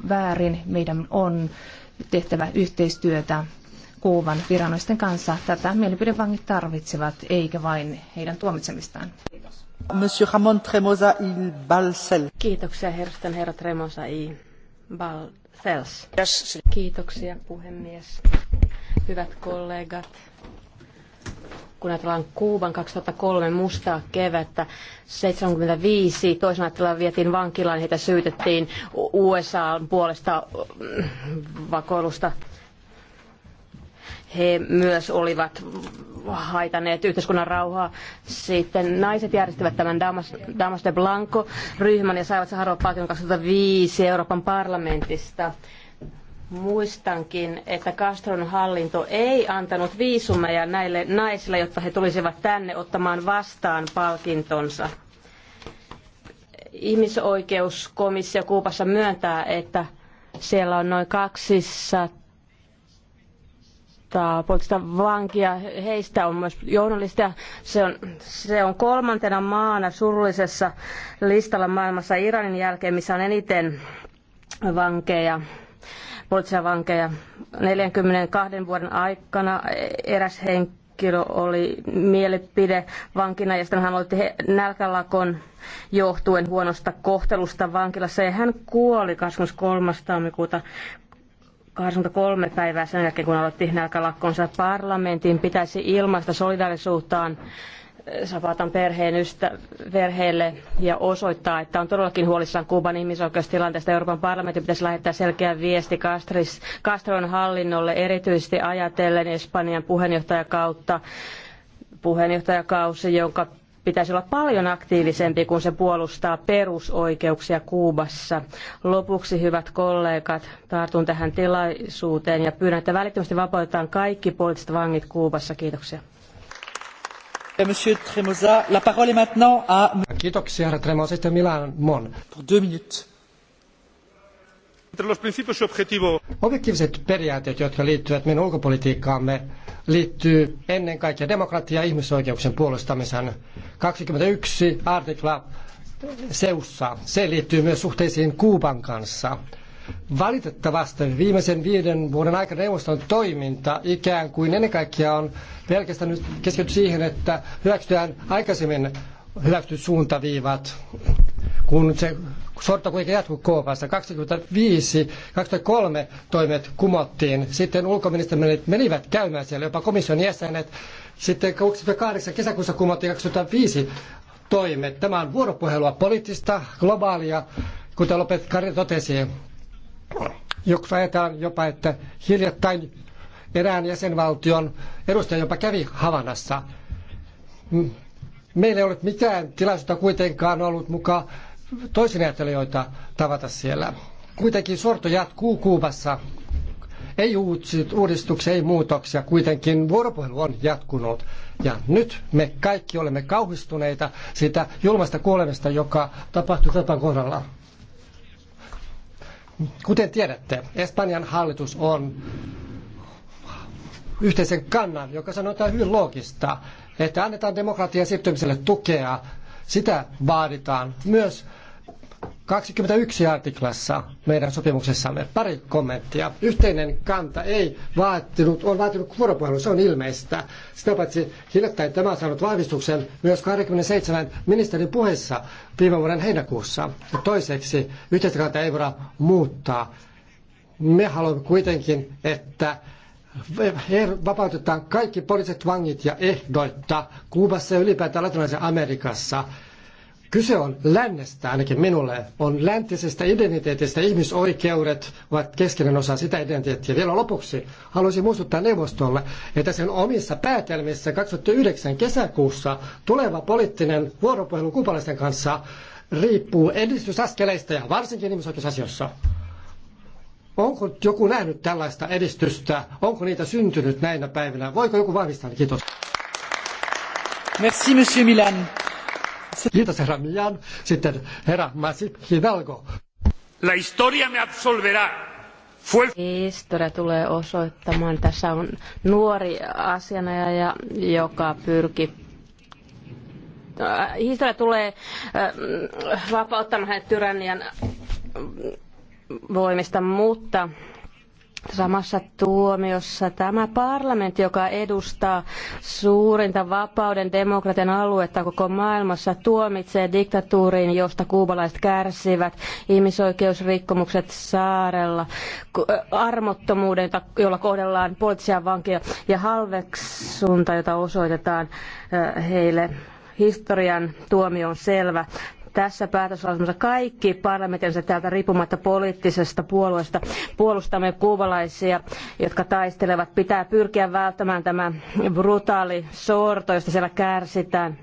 väärin. Meidän on tehtävä yhteistyötä kuuvan viranoisten kanssa. Tätä mielipidevangit tarvitsevat, eikä vain heidän tuomitsemistaan. Monsieur Ramon Tremosa il Balsel. Kiitoksia herrasten herra Tremosa i Balsels. Kiitoksia puhemies. Hyvät kollegat, kun ajatellaan Kuuban 2003 mustaa kevättä, 75 toisena ajatellaan vietiin vankilaan, heitä syytettiin USA puolesta mm, vakoilusta. He myös olivat haitaneet yhteiskunnan rauhaa. Sitten naiset järjestivät tämän Damas, Damas de Blanco-ryhmän ja saivat saharo palkinnon 2005 Euroopan parlamentista. Muistankin, että Castron hallinto ei antanut viisumeja näille naisille, jotta he tulisivat tänne ottamaan vastaan palkintonsa. Ihmisoikeuskomissio Kuupassa myöntää, että siellä on noin 200 poliittista vankia. Heistä on myös journalisteja. Se on, se on kolmantena maana surullisessa listalla maailmassa Iranin jälkeen, missä on eniten vankeja poliittisia vankeja. 42 vuoden aikana eräs henkilö oli mielipide vankina ja sitten hän aloitti nälkälakon johtuen huonosta kohtelusta vankilassa ja hän kuoli 23. tammikuuta 83 päivää sen jälkeen, kun aloitti nälkälakkonsa. Parlamentin pitäisi ilmaista solidaarisuuttaan Savatan perheen ystä, perheelle ja osoittaa, että on todellakin huolissaan Kuuban ihmisoikeustilanteesta. Euroopan parlamentin pitäisi lähettää selkeä viesti Castris, Castron hallinnolle, erityisesti ajatellen Espanjan puheenjohtajakautta, puheenjohtajakausi, jonka pitäisi olla paljon aktiivisempi, kun se puolustaa perusoikeuksia Kuubassa. Lopuksi, hyvät kollegat, tartun tähän tilaisuuteen ja pyydän, että välittömästi vapautetaan kaikki poliittiset vangit Kuubassa. Kiitoksia. Objektiiviset periaatteet, jotka liittyvät meidän ulkopolitiikkaamme, liittyy ennen kaikkea demokratia- ja ihmisoikeuksien puolustamisen 21 artikla seussa. Se liittyy myös suhteisiin Kuuban kanssa. Valitettavasti viimeisen viiden vuoden aikana neuvoston toiminta ikään kuin ennen kaikkea on pelkästään nyt keskitty siihen, että hyväksytään aikaisemmin hyväksytyt suuntaviivat, kun se sorto kuitenkin jatkuu Koopassa. 2005 2003 toimet kumottiin, sitten ulkoministerit menivät käymään siellä, jopa komission jäsenet. Sitten 2008 kesäkuussa kumottiin 2005 toimet. Tämä on vuoropuhelua poliittista, globaalia, kuten Lopet Kari totesi. Joku väitetään jopa, että hiljattain erään jäsenvaltion edustaja jopa kävi Havanassa. Meillä ei ollut mitään tilaisuutta kuitenkaan ollut mukaan toisen ajattelijoita tavata siellä. Kuitenkin sorto jatkuu Kuubassa. Ei uudistuksia, ei muutoksia. Kuitenkin vuoropuhelu on jatkunut. Ja nyt me kaikki olemme kauhistuneita siitä julmasta kuolemista, joka tapahtui Katapan kohdalla. Kuten tiedätte, Espanjan hallitus on yhteisen kannan, joka sanotaan hyvin loogista, että annetaan demokratian siirtymiselle tukea. Sitä vaaditaan myös 21 artiklassa meidän sopimuksessamme pari kommenttia. Yhteinen kanta ei vaatinut, on vaatinut vuoropuhelua, se on ilmeistä. Sitä paitsi hiljattain tämä on saanut vahvistuksen myös 27 ministerin puheessa viime vuoden heinäkuussa. Ja toiseksi yhteistä kantaa ei voida muuttaa. Me haluamme kuitenkin, että vapautetaan kaikki poliittiset vangit ja ehdoitta Kuubassa ja ylipäätään Latinalaisessa Amerikassa – Kyse on lännestä, ainakin minulle, on läntisestä identiteetistä. Ihmisoikeudet ovat keskeinen osa sitä identiteettiä. Vielä lopuksi haluaisin muistuttaa neuvostolle, että sen omissa päätelmissä 2009 kesäkuussa tuleva poliittinen vuoropuhelu kuupalaisten kanssa riippuu edistysaskeleista ja varsinkin ihmisoikeusasioissa. Onko joku nähnyt tällaista edistystä? Onko niitä syntynyt näinä päivinä? Voiko joku vahvistaa? Kiitos. Merci, Monsieur Milan. Kiitos herra Mian. Sitten herra Masip Hidalgo. La historia me absolverá. Fue... Historia tulee osoittamaan. Tässä on nuori asianajaja, joka pyrki äh, Historia tulee äh, vapauttamaan hänet tyrannian voimista, mutta samassa tuomiossa tämä parlamentti, joka edustaa suurinta vapauden demokratian aluetta koko maailmassa, tuomitsee diktatuurin, josta kuubalaiset kärsivät, ihmisoikeusrikkomukset saarella, armottomuuden, jolla kohdellaan poliittisia vankeja ja halveksunta, jota osoitetaan heille historian tuomio on selvä. Tässä päätöslauselmassa kaikki parlamentinsa täältä riippumatta poliittisesta puolueesta puolustamme kuubalaisia, jotka taistelevat. Pitää pyrkiä välttämään tämä brutaali sorto, josta siellä kärsitään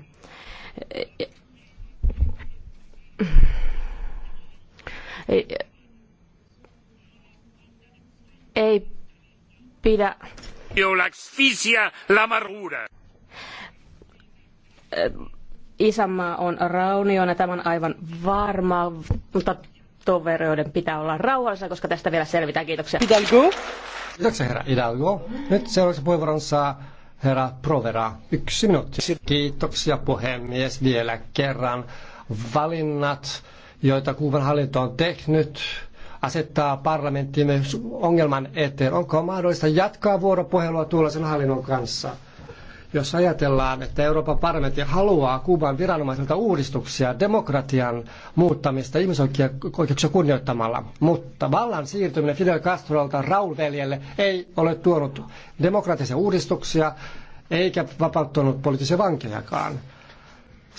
ei, ei pidä isänmaa on rauniona, tämä on aivan varmaa, mutta tovereiden pitää olla rauhallisia, koska tästä vielä selvitään. Kiitoksia. Hidalgo. Kiitoksia herra Hidalgo. Nyt seuraavaksi puheenvuoron saa herra Provera. Yksi minuutti. Kiitoksia puhemies vielä kerran. Valinnat, joita Kuuban hallinto on tehnyt, asettaa parlamenttimme ongelman eteen. Onko mahdollista jatkaa vuoropuhelua tuollaisen hallinnon kanssa? Jos ajatellaan, että Euroopan parlamentti haluaa Kuuban viranomaisilta uudistuksia, demokratian muuttamista, ihmisoikeuksia kunnioittamalla, mutta vallan siirtyminen Fidel Castrolta Raul veljelle ei ole tuonut demokraattisia uudistuksia eikä vapauttanut poliittisia vankejakaan.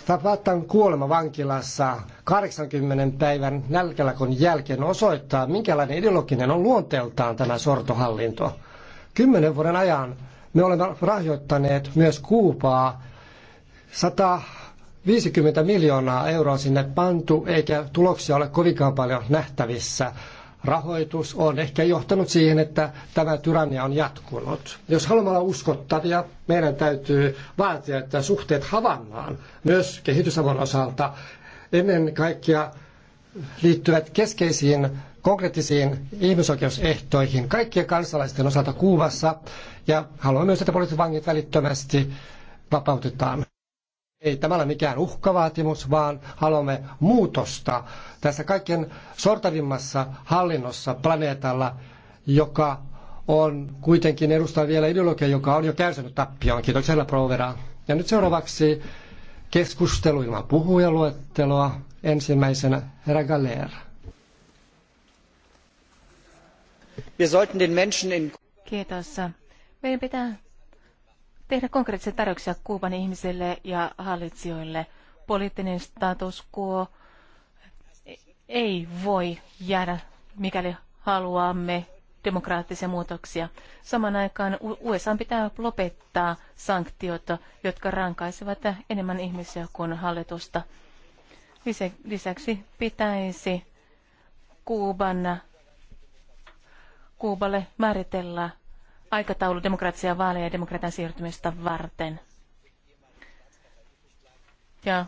Tapahtan kuolema vankilassa 80 päivän nälkälakon jälkeen osoittaa, minkälainen ideologinen on luonteeltaan tämä sortohallinto. Kymmenen vuoden ajan me olemme rahoittaneet myös kuupaa 150 miljoonaa euroa sinne pantu, eikä tuloksia ole kovinkaan paljon nähtävissä. Rahoitus on ehkä johtanut siihen, että tämä tyrannia on jatkunut. Jos haluamme olla uskottavia, meidän täytyy vaatia, että suhteet havannaan myös kehitysavun osalta ennen kaikkea liittyvät keskeisiin konkreettisiin ihmisoikeusehtoihin kaikkien kansalaisten osalta Kuubassa ja haluamme myös, että poliittiset vangit välittömästi vapautetaan. Ei tämä ole mikään uhkavaatimus, vaan haluamme muutosta tässä kaiken sortavimmassa hallinnossa planeetalla, joka on kuitenkin edustaa vielä ideologia, joka on jo kärsinyt tappioon. Kiitoksella Provera. Ja nyt seuraavaksi keskustelu ilman puhujaluetteloa. Ensimmäisenä herra Galera. Wir sollten den Menschen in Kiitos. Meidän pitää tehdä konkreettisia tarjouksia Kuuban ihmisille ja hallitsijoille. Poliittinen status quo ei voi jäädä, mikäli haluamme demokraattisia muutoksia. Saman aikaan USA pitää lopettaa sanktiot, jotka rankaisevat enemmän ihmisiä kuin hallitusta. Lisäksi pitäisi Kuuban Kuuballe määritellä aikataulu demokratian vaaleja ja demokratian siirtymistä varten. Ja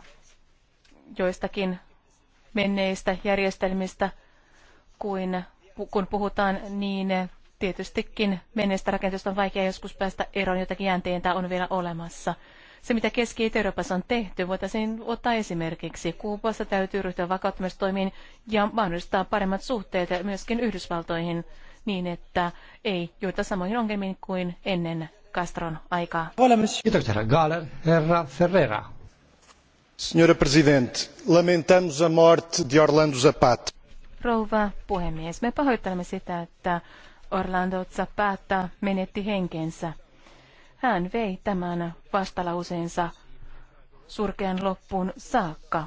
joistakin menneistä järjestelmistä, kuin, kun puhutaan, niin tietystikin menneistä rakenteista on vaikea joskus päästä eroon, jotakin jäänteitä on vielä olemassa. Se, mitä Keski-Euroopassa on tehty, voitaisiin ottaa esimerkiksi. Kuupassa täytyy ryhtyä vakauttamistoimiin ja mahdollistaa paremmat suhteet myöskin Yhdysvaltoihin – niin, että ei juuta samoihin ongelmiin kuin ennen Castron aikaa. Kiitoksia, herra Herra Ferreira. Senhora Presidente, lamentamos a morte Orlando Zapata. Rouva puhemies, me pahoittelemme sitä, että Orlando Zapata menetti henkensä. Hän vei tämän vastalauseensa surkean loppuun saakka.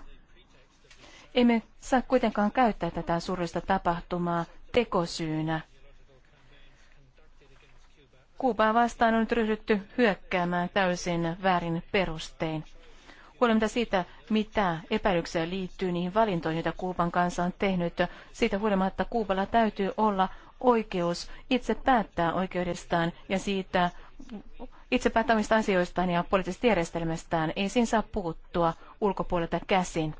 Emme saa kuitenkaan käyttää tätä surullista tapahtumaa tekosyynä Kuubaa vastaan on nyt ryhdytty hyökkäämään täysin väärin perustein. Huolimatta siitä, mitä epäilyksiä liittyy niihin valintoihin, joita Kuuban kanssa on tehnyt, siitä huolimatta Kuuballa täytyy olla oikeus itse päättää oikeudestaan ja siitä itse päättämistä asioistaan ja poliittisesta järjestelmästään. Ei siinä saa puuttua ulkopuolelta käsin.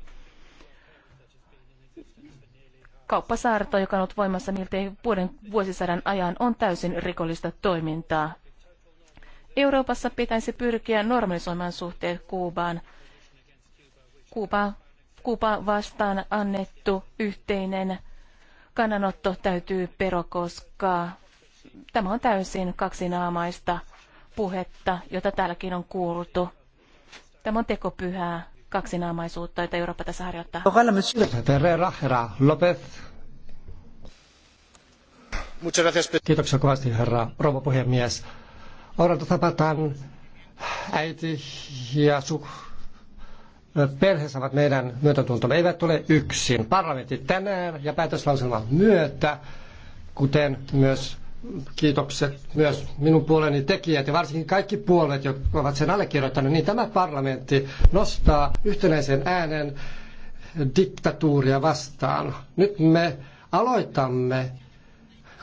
Kauppasaarto, joka on ollut voimassa miltei vuoden vuosisadan ajan, on täysin rikollista toimintaa. Euroopassa pitäisi pyrkiä normalisoimaan suhteet Kuubaan. Kuuba, Kuuba vastaan annettu yhteinen kannanotto täytyy pero, koska tämä on täysin kaksinaamaista puhetta, jota täälläkin on kuultu. Tämä on tekopyhää kaksinaamaisuutta, jota Eurooppa tässä harjoittaa. Kiitoksia kovasti, herra rouva puhemies. Oralta tapataan äiti ja su- Perheessä ovat meidän myötätuntomme. Eivät ole yksin. Parlamentti tänään ja päätöslauselman myötä, kuten myös kiitokset myös minun puoleni tekijät ja varsinkin kaikki puolet, jotka ovat sen allekirjoittaneet, niin tämä parlamentti nostaa yhtenäisen äänen diktatuuria vastaan. Nyt me aloitamme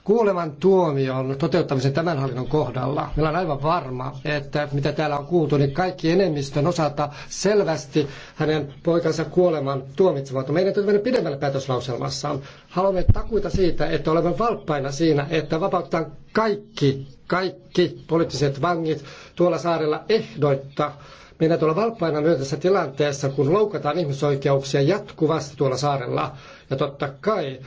kuoleman tuomion toteuttamisen tämän hallinnon kohdalla. Meillä on aivan varma, että mitä täällä on kuultu, niin kaikki enemmistön osalta selvästi hänen poikansa kuoleman tuomitsevat. Meidän täytyy mennä pidemmälle päätöslauselmassaan. Haluamme takuita siitä, että olemme valppaina siinä, että vapautetaan kaikki, kaikki poliittiset vangit tuolla saarella ehdoitta. Meidän tuolla valppaina myös tässä tilanteessa, kun loukataan ihmisoikeuksia jatkuvasti tuolla saarella. Ja totta kai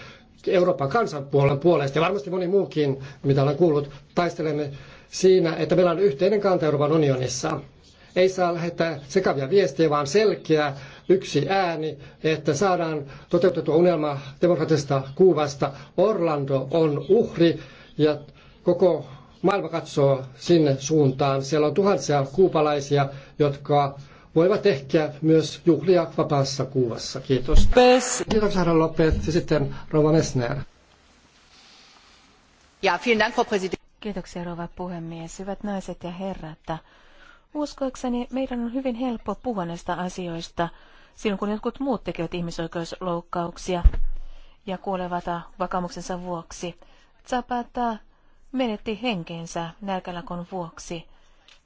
Euroopan kansanpuolen puolesta ja varmasti moni muukin, mitä olen kuullut, taistelemme siinä, että meillä on yhteinen kanta Euroopan unionissa. Ei saa lähettää sekavia viestejä, vaan selkeä yksi ääni, että saadaan toteutettua unelma demokratista Kuuvasta. Orlando on uhri ja koko maailma katsoo sinne suuntaan. Siellä on tuhansia kuupalaisia, jotka voivat ehkä myös juhlia vapaassa kuvassa. Kiitos. Kiitos, herra Lopet. Ja sitten Rova Messner. Ja, Dank, Kiitoksia, rouva puhemies. Hyvät naiset ja herrat. Uskoakseni meidän on hyvin helppo puhua näistä asioista silloin, kun jotkut muut tekevät ihmisoikeusloukkauksia ja kuolevat vakamuksensa vuoksi. Zapata menetti henkeensä nälkälakon vuoksi.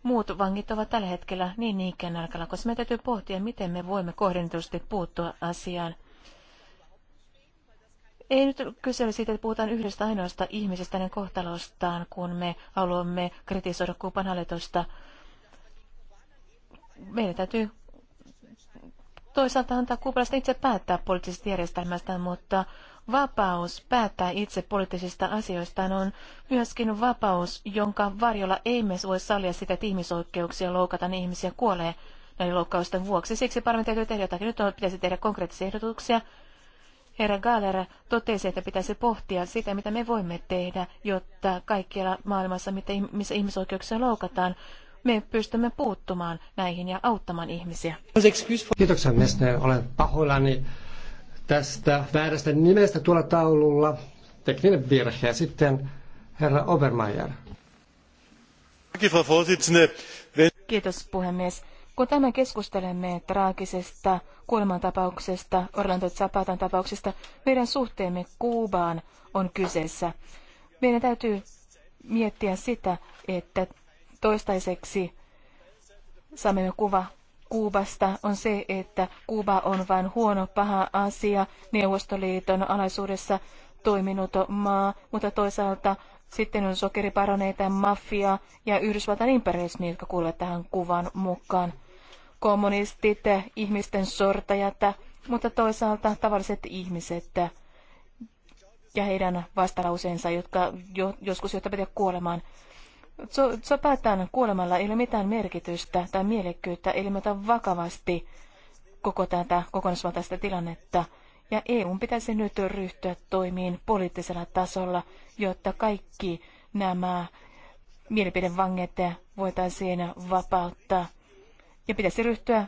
Muut vangit ovat tällä hetkellä niin niinkään nälkällä, koska me täytyy pohtia, miten me voimme kohdennetusti puuttua asiaan. Ei nyt kyse ole siitä, että puhutaan yhdestä ainoasta ihmisestä hänen kohtalostaan, kun me haluamme kritisoida Kuupan hallitusta. Meidän täytyy toisaalta antaa kuupalaisten itse päättää poliittisesta järjestelmästään, mutta vapaus päättää itse poliittisista asioistaan on myöskin vapaus, jonka varjolla ei me voi sallia sitä, että ihmisoikeuksia loukataan niin ihmisiä kuolee näiden loukkausten vuoksi. Siksi paremmin täytyy tehdä jotakin. Nyt on, pitäisi tehdä konkreettisia ehdotuksia. Herra Galler totesi, että pitäisi pohtia sitä, mitä me voimme tehdä, jotta kaikkialla maailmassa, missä ihmisoikeuksia loukataan, me pystymme puuttumaan näihin ja auttamaan ihmisiä. Kiitoksia Mestä. olen pahoillani tästä väärästä nimestä tuolla taululla. Tekninen virhe. Sitten herra Obermeier. Kiitos puhemies. Kun tänään keskustelemme traagisesta kuolemantapauksesta, Orlando Zapatan tapauksesta, meidän suhteemme Kuubaan on kyseessä. Meidän täytyy miettiä sitä, että toistaiseksi saamme kuva Kuubasta on se, että Kuuba on vain huono, paha asia Neuvostoliiton alaisuudessa toiminut maa, mutta toisaalta sitten on sokeriparoneita, mafia ja Yhdysvaltain imperialismi, jotka kuulevat tähän kuvan mukaan. Kommunistit, ihmisten sortajat, mutta toisaalta tavalliset ihmiset ja heidän vastalauseensa, jotka jo, joskus johtavat kuolemaan. Sopatan kuolemalla ei ole mitään merkitystä tai mielekkyyttä, eli me vakavasti koko tätä kokonaisvaltaista tilannetta. Ja EU pitäisi nyt ryhtyä toimiin poliittisella tasolla, jotta kaikki nämä mielipidevanget voitaisiin vapauttaa. Ja pitäisi ryhtyä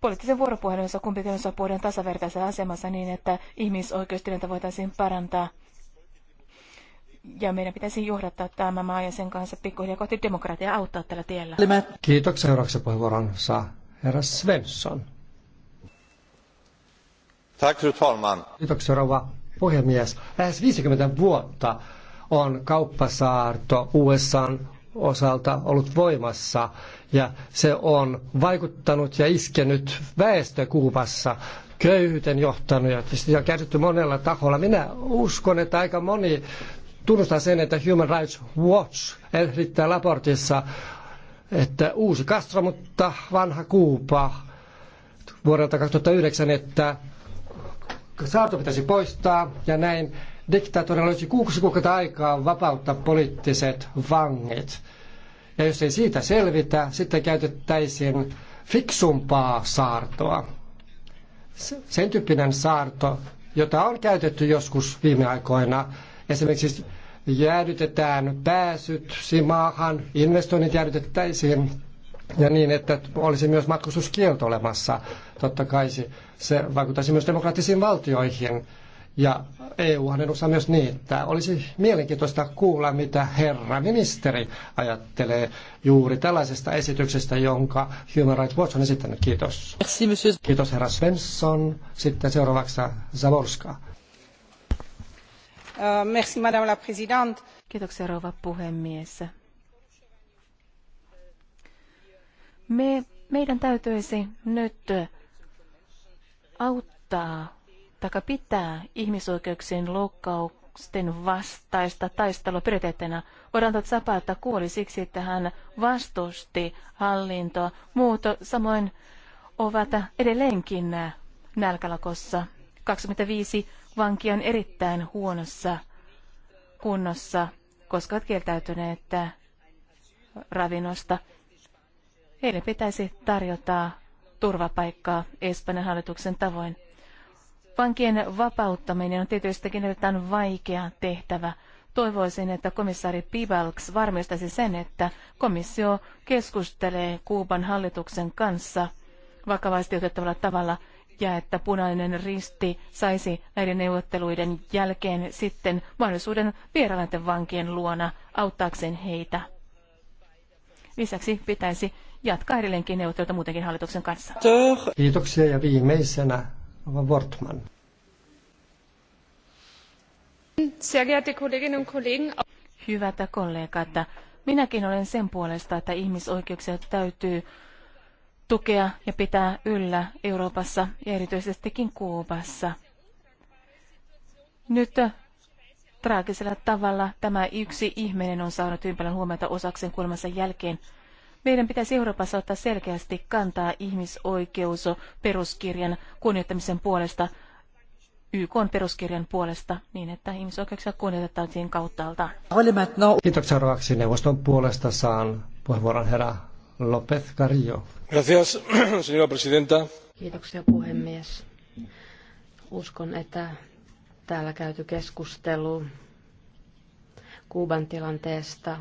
poliittisen vuoropuhelun, jossa kumpikin osapuolen tasavertaisessa asemassa niin, että ihmisoikeustilanteita voitaisiin parantaa ja meidän pitäisi johdattaa tämä maa ja sen kanssa pikkuhiljaa kohti demokratiaa auttaa tällä tiellä. Kiitoksia. Seuraavaksi puheenvuoron saa herra Svensson. Tack, fru talman. Kiitoksia, rouva puhemies. Lähes 50 vuotta on kauppasaarto USAn osalta ollut voimassa ja se on vaikuttanut ja iskenyt väestökuupassa köyhyyteen johtanut ja sitä on kärsitty monella taholla. Minä uskon, että aika moni tunnustan sen, että Human Rights Watch erittää raportissa, että uusi Castro, mutta vanha Kuupa vuodelta 2009, että saarto pitäisi poistaa ja näin diktaattorilla olisi kuusi kuukautta aikaa vapauttaa poliittiset vangit. Ja jos ei siitä selvitä, sitten käytettäisiin fiksumpaa saartoa. Sen tyyppinen saarto, jota on käytetty joskus viime aikoina, Esimerkiksi jäädytetään pääsyt maahan, investoinnit jäädytettäisiin ja niin, että olisi myös matkustuskielto olemassa. Totta kai se vaikuttaisi myös demokraattisiin valtioihin. Ja on e edustaa myös niin, että Olisi mielenkiintoista kuulla, mitä herra ministeri ajattelee juuri tällaisesta esityksestä, jonka Human Rights Watch on esittänyt. Kiitos. Merci, Kiitos herra Svensson. Sitten seuraavaksi Zaborska. Euh, merci, Kiitoksia, rouva puhemies. Me, meidän täytyisi nyt auttaa tai pitää ihmisoikeuksien loukkausten vastaista taistelua prioriteettina. Voidaan Zapata kuoli siksi, että hän vastusti hallintoa. Muut samoin ovat edelleenkin nälkälakossa. 25 vanki on erittäin huonossa kunnossa, koska ovat kieltäytyneet ravinnosta. Heille pitäisi tarjota turvapaikkaa Espanjan hallituksen tavoin. Vankien vapauttaminen on tietystikin erittäin vaikea tehtävä. Toivoisin, että komissaari Pibalks varmistaisi sen, että komissio keskustelee Kuuban hallituksen kanssa vakavasti otettavalla tavalla ja että punainen risti saisi näiden neuvotteluiden jälkeen sitten mahdollisuuden vieraanlaisten vankien luona auttaakseen heitä. Lisäksi pitäisi jatkaa edelleenkin neuvotteluita muutenkin hallituksen kanssa. Kiitoksia ja viimeisenä Wortman. Hyvät kollegat, minäkin olen sen puolesta, että ihmisoikeuksia täytyy tukea ja pitää yllä Euroopassa ja erityisestikin Kuubassa. Nyt traagisella tavalla tämä yksi ihminen on saanut ympärillä huomiota osakseen kuolemansa jälkeen. Meidän pitäisi Euroopassa ottaa selkeästi kantaa ihmisoikeus peruskirjan kunnioittamisen puolesta, YK peruskirjan puolesta, niin että ihmisoikeuksia siihen kauttaaltaan. Kiitoksia seuraavaksi neuvoston puolesta saan puheenvuoron herra López Carrillo. Gracias, señora presidenta. Kiitoksia puhemies. Uskon, että täällä käyty keskustelu Kuuban tilanteesta,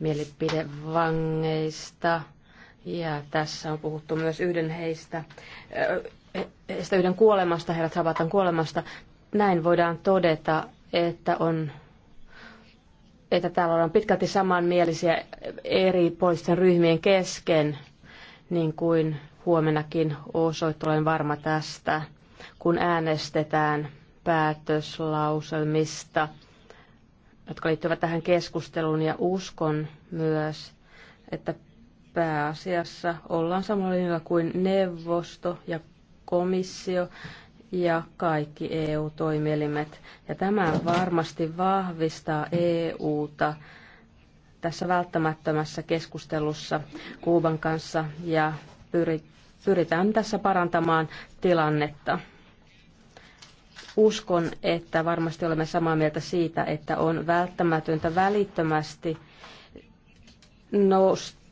mielipidevangeista ja tässä on puhuttu myös yhden heistä, eh, eh, heistä yhden kuolemasta, herrat Sabatan kuolemasta. Näin voidaan todeta, että on että täällä ollaan pitkälti samanmielisiä eri poliittisten ryhmien kesken, niin kuin huomenakin osoit, olen varma tästä, kun äänestetään päätöslauselmista, jotka liittyvät tähän keskusteluun, ja uskon myös, että pääasiassa ollaan samalla linjalla kuin neuvosto ja komissio ja kaikki EU-toimielimet. Ja tämä varmasti vahvistaa EUta tässä välttämättömässä keskustelussa Kuuban kanssa ja pyritään tässä parantamaan tilannetta. Uskon, että varmasti olemme samaa mieltä siitä, että on välttämätöntä välittömästi nousta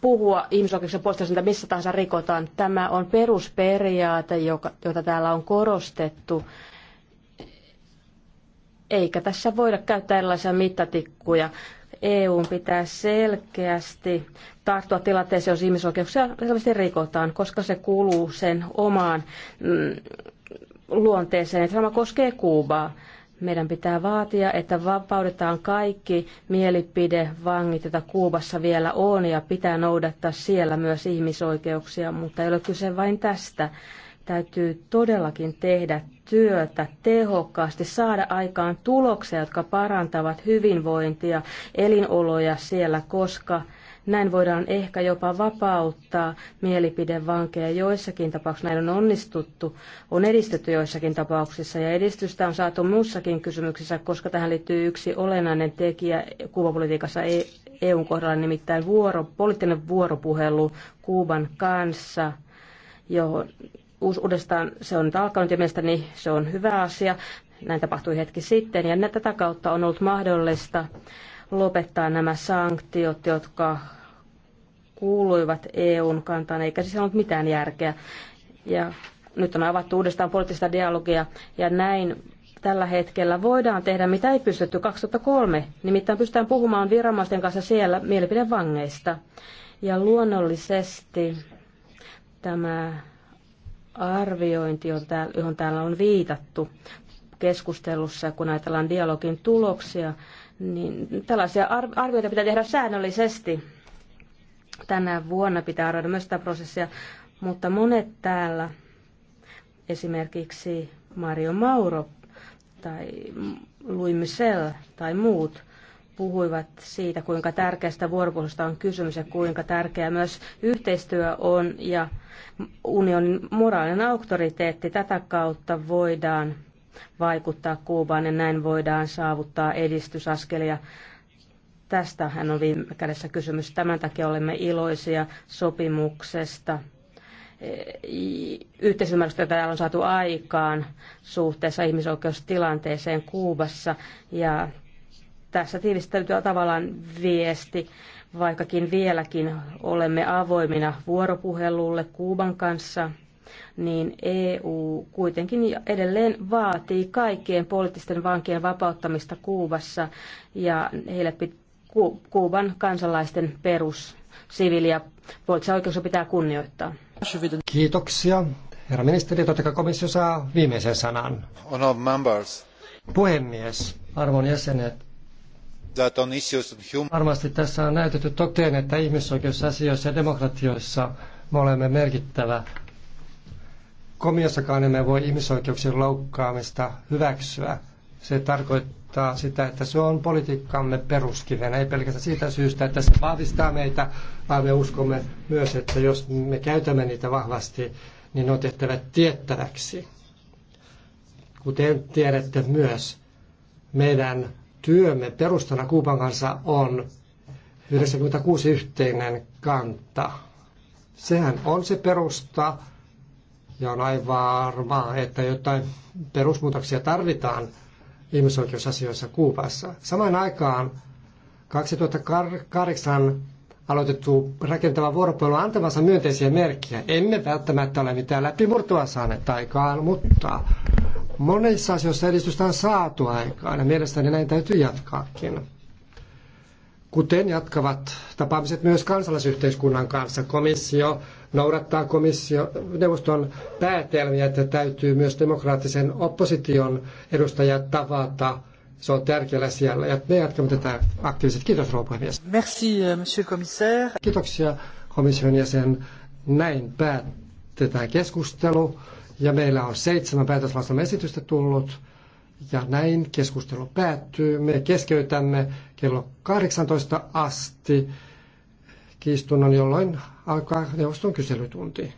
puhua ihmisoikeuksien puolesta, missä tahansa rikotaan. Tämä on perusperiaate, joka, jota täällä on korostettu. Eikä tässä voida käyttää erilaisia mittatikkuja. EU pitää selkeästi tarttua tilanteeseen, jos ihmisoikeuksia selvästi rikotaan, koska se kuuluu sen omaan mm, luonteeseen. Tämä koskee Kuubaa. Meidän pitää vaatia, että vapaudetaan kaikki mielipidevangit, joita Kuubassa vielä on, ja pitää noudattaa siellä myös ihmisoikeuksia, mutta ei ole kyse vain tästä. Täytyy todellakin tehdä työtä tehokkaasti, saada aikaan tuloksia, jotka parantavat hyvinvointia, elinoloja siellä, koska näin voidaan ehkä jopa vapauttaa mielipidevankeja. Joissakin tapauksissa näin on onnistuttu, on edistetty joissakin tapauksissa ja edistystä on saatu muussakin kysymyksissä, koska tähän liittyy yksi olennainen tekijä kuvapolitiikassa e- EUn kohdalla, nimittäin vuoro, poliittinen vuoropuhelu Kuuban kanssa, johon uudestaan se on nyt alkanut ja mielestäni se on hyvä asia. Näin tapahtui hetki sitten ja tätä kautta on ollut mahdollista lopettaa nämä sanktiot, jotka kuuluivat EUn kantaan, eikä siis ollut mitään järkeä. Ja nyt on avattu uudestaan poliittista dialogia ja näin tällä hetkellä voidaan tehdä, mitä ei pystytty 2003. Nimittäin pystytään puhumaan viranomaisten kanssa siellä mielipidevangeista. Ja luonnollisesti tämä arviointi, johon täällä on viitattu keskustelussa, kun ajatellaan dialogin tuloksia, niin tällaisia arvioita pitää tehdä säännöllisesti Tänä vuonna pitää arvioida myös sitä prosessia, mutta monet täällä, esimerkiksi Mario Mauro tai Louis Michel tai muut, puhuivat siitä, kuinka tärkeästä vuoropuhelusta on kysymys ja kuinka tärkeää myös yhteistyö on ja unionin moraalinen auktoriteetti. Tätä kautta voidaan vaikuttaa Kuubaan ja näin voidaan saavuttaa edistysaskelia Tästä hän on viime kädessä kysymys. Tämän takia olemme iloisia sopimuksesta e, yhteisymmärrystä täällä on saatu aikaan suhteessa ihmisoikeustilanteeseen Kuubassa. Ja tässä tiivisteltyä tavallaan viesti, vaikkakin vieläkin olemme avoimina vuoropuhelulle Kuuban kanssa, niin EU kuitenkin edelleen vaatii kaikkien poliittisten vankien vapauttamista Kuubassa ja heille pitää Kuuban kansalaisten perus siviili- ja poliittisia oikeuksia pitää kunnioittaa. Kiitoksia. Herra ministeri, totta komissio saa viimeisen sanan. Honor members. Puhemies, arvon jäsenet. That on issues of human... Varmasti tässä on näytetty toteen, että ihmisoikeusasioissa ja demokratioissa me olemme merkittävä. Komiossakaan emme voi ihmisoikeuksien loukkaamista hyväksyä. Se tarkoittaa tarkoittaa sitä, että se on politiikkamme peruskivenä, ei pelkästään siitä syystä, että se vahvistaa meitä, vaan me uskomme myös, että jos me käytämme niitä vahvasti, niin ne on tehtävä tiettäväksi. Kuten tiedätte myös, meidän työmme perustana Kuuban kanssa on 96 yhteinen kanta. Sehän on se perusta, ja on aivan varmaa, että jotain perusmuutoksia tarvitaan ihmisoikeusasioissa Kuubassa. Samaan aikaan 2008 aloitettu rakentava vuoropuhelu antamassa myönteisiä merkkejä. Emme välttämättä ole mitään läpimurtoa saaneet aikaan, mutta monissa asioissa edistystä on saatu aikaan ja mielestäni näin täytyy jatkaakin. Kuten jatkavat tapaamiset myös kansalaisyhteiskunnan kanssa, komissio, noudattaa komissio, neuvoston päätelmiä, että täytyy myös demokraattisen opposition edustajat tavata. Se on tärkeällä siellä ja me jatkamme tätä aktiivisesti. Kiitos rouva puhemies. Merci, euh, monsieur commissaire. Kiitoksia komission jäsen. Näin päätetään keskustelu ja meillä on seitsemän päätöslauselman esitystä tullut. Ja näin keskustelu päättyy. Me keskeytämme kello 18 asti kiistunnon, jolloin alkaa neuvoston kyselytunti.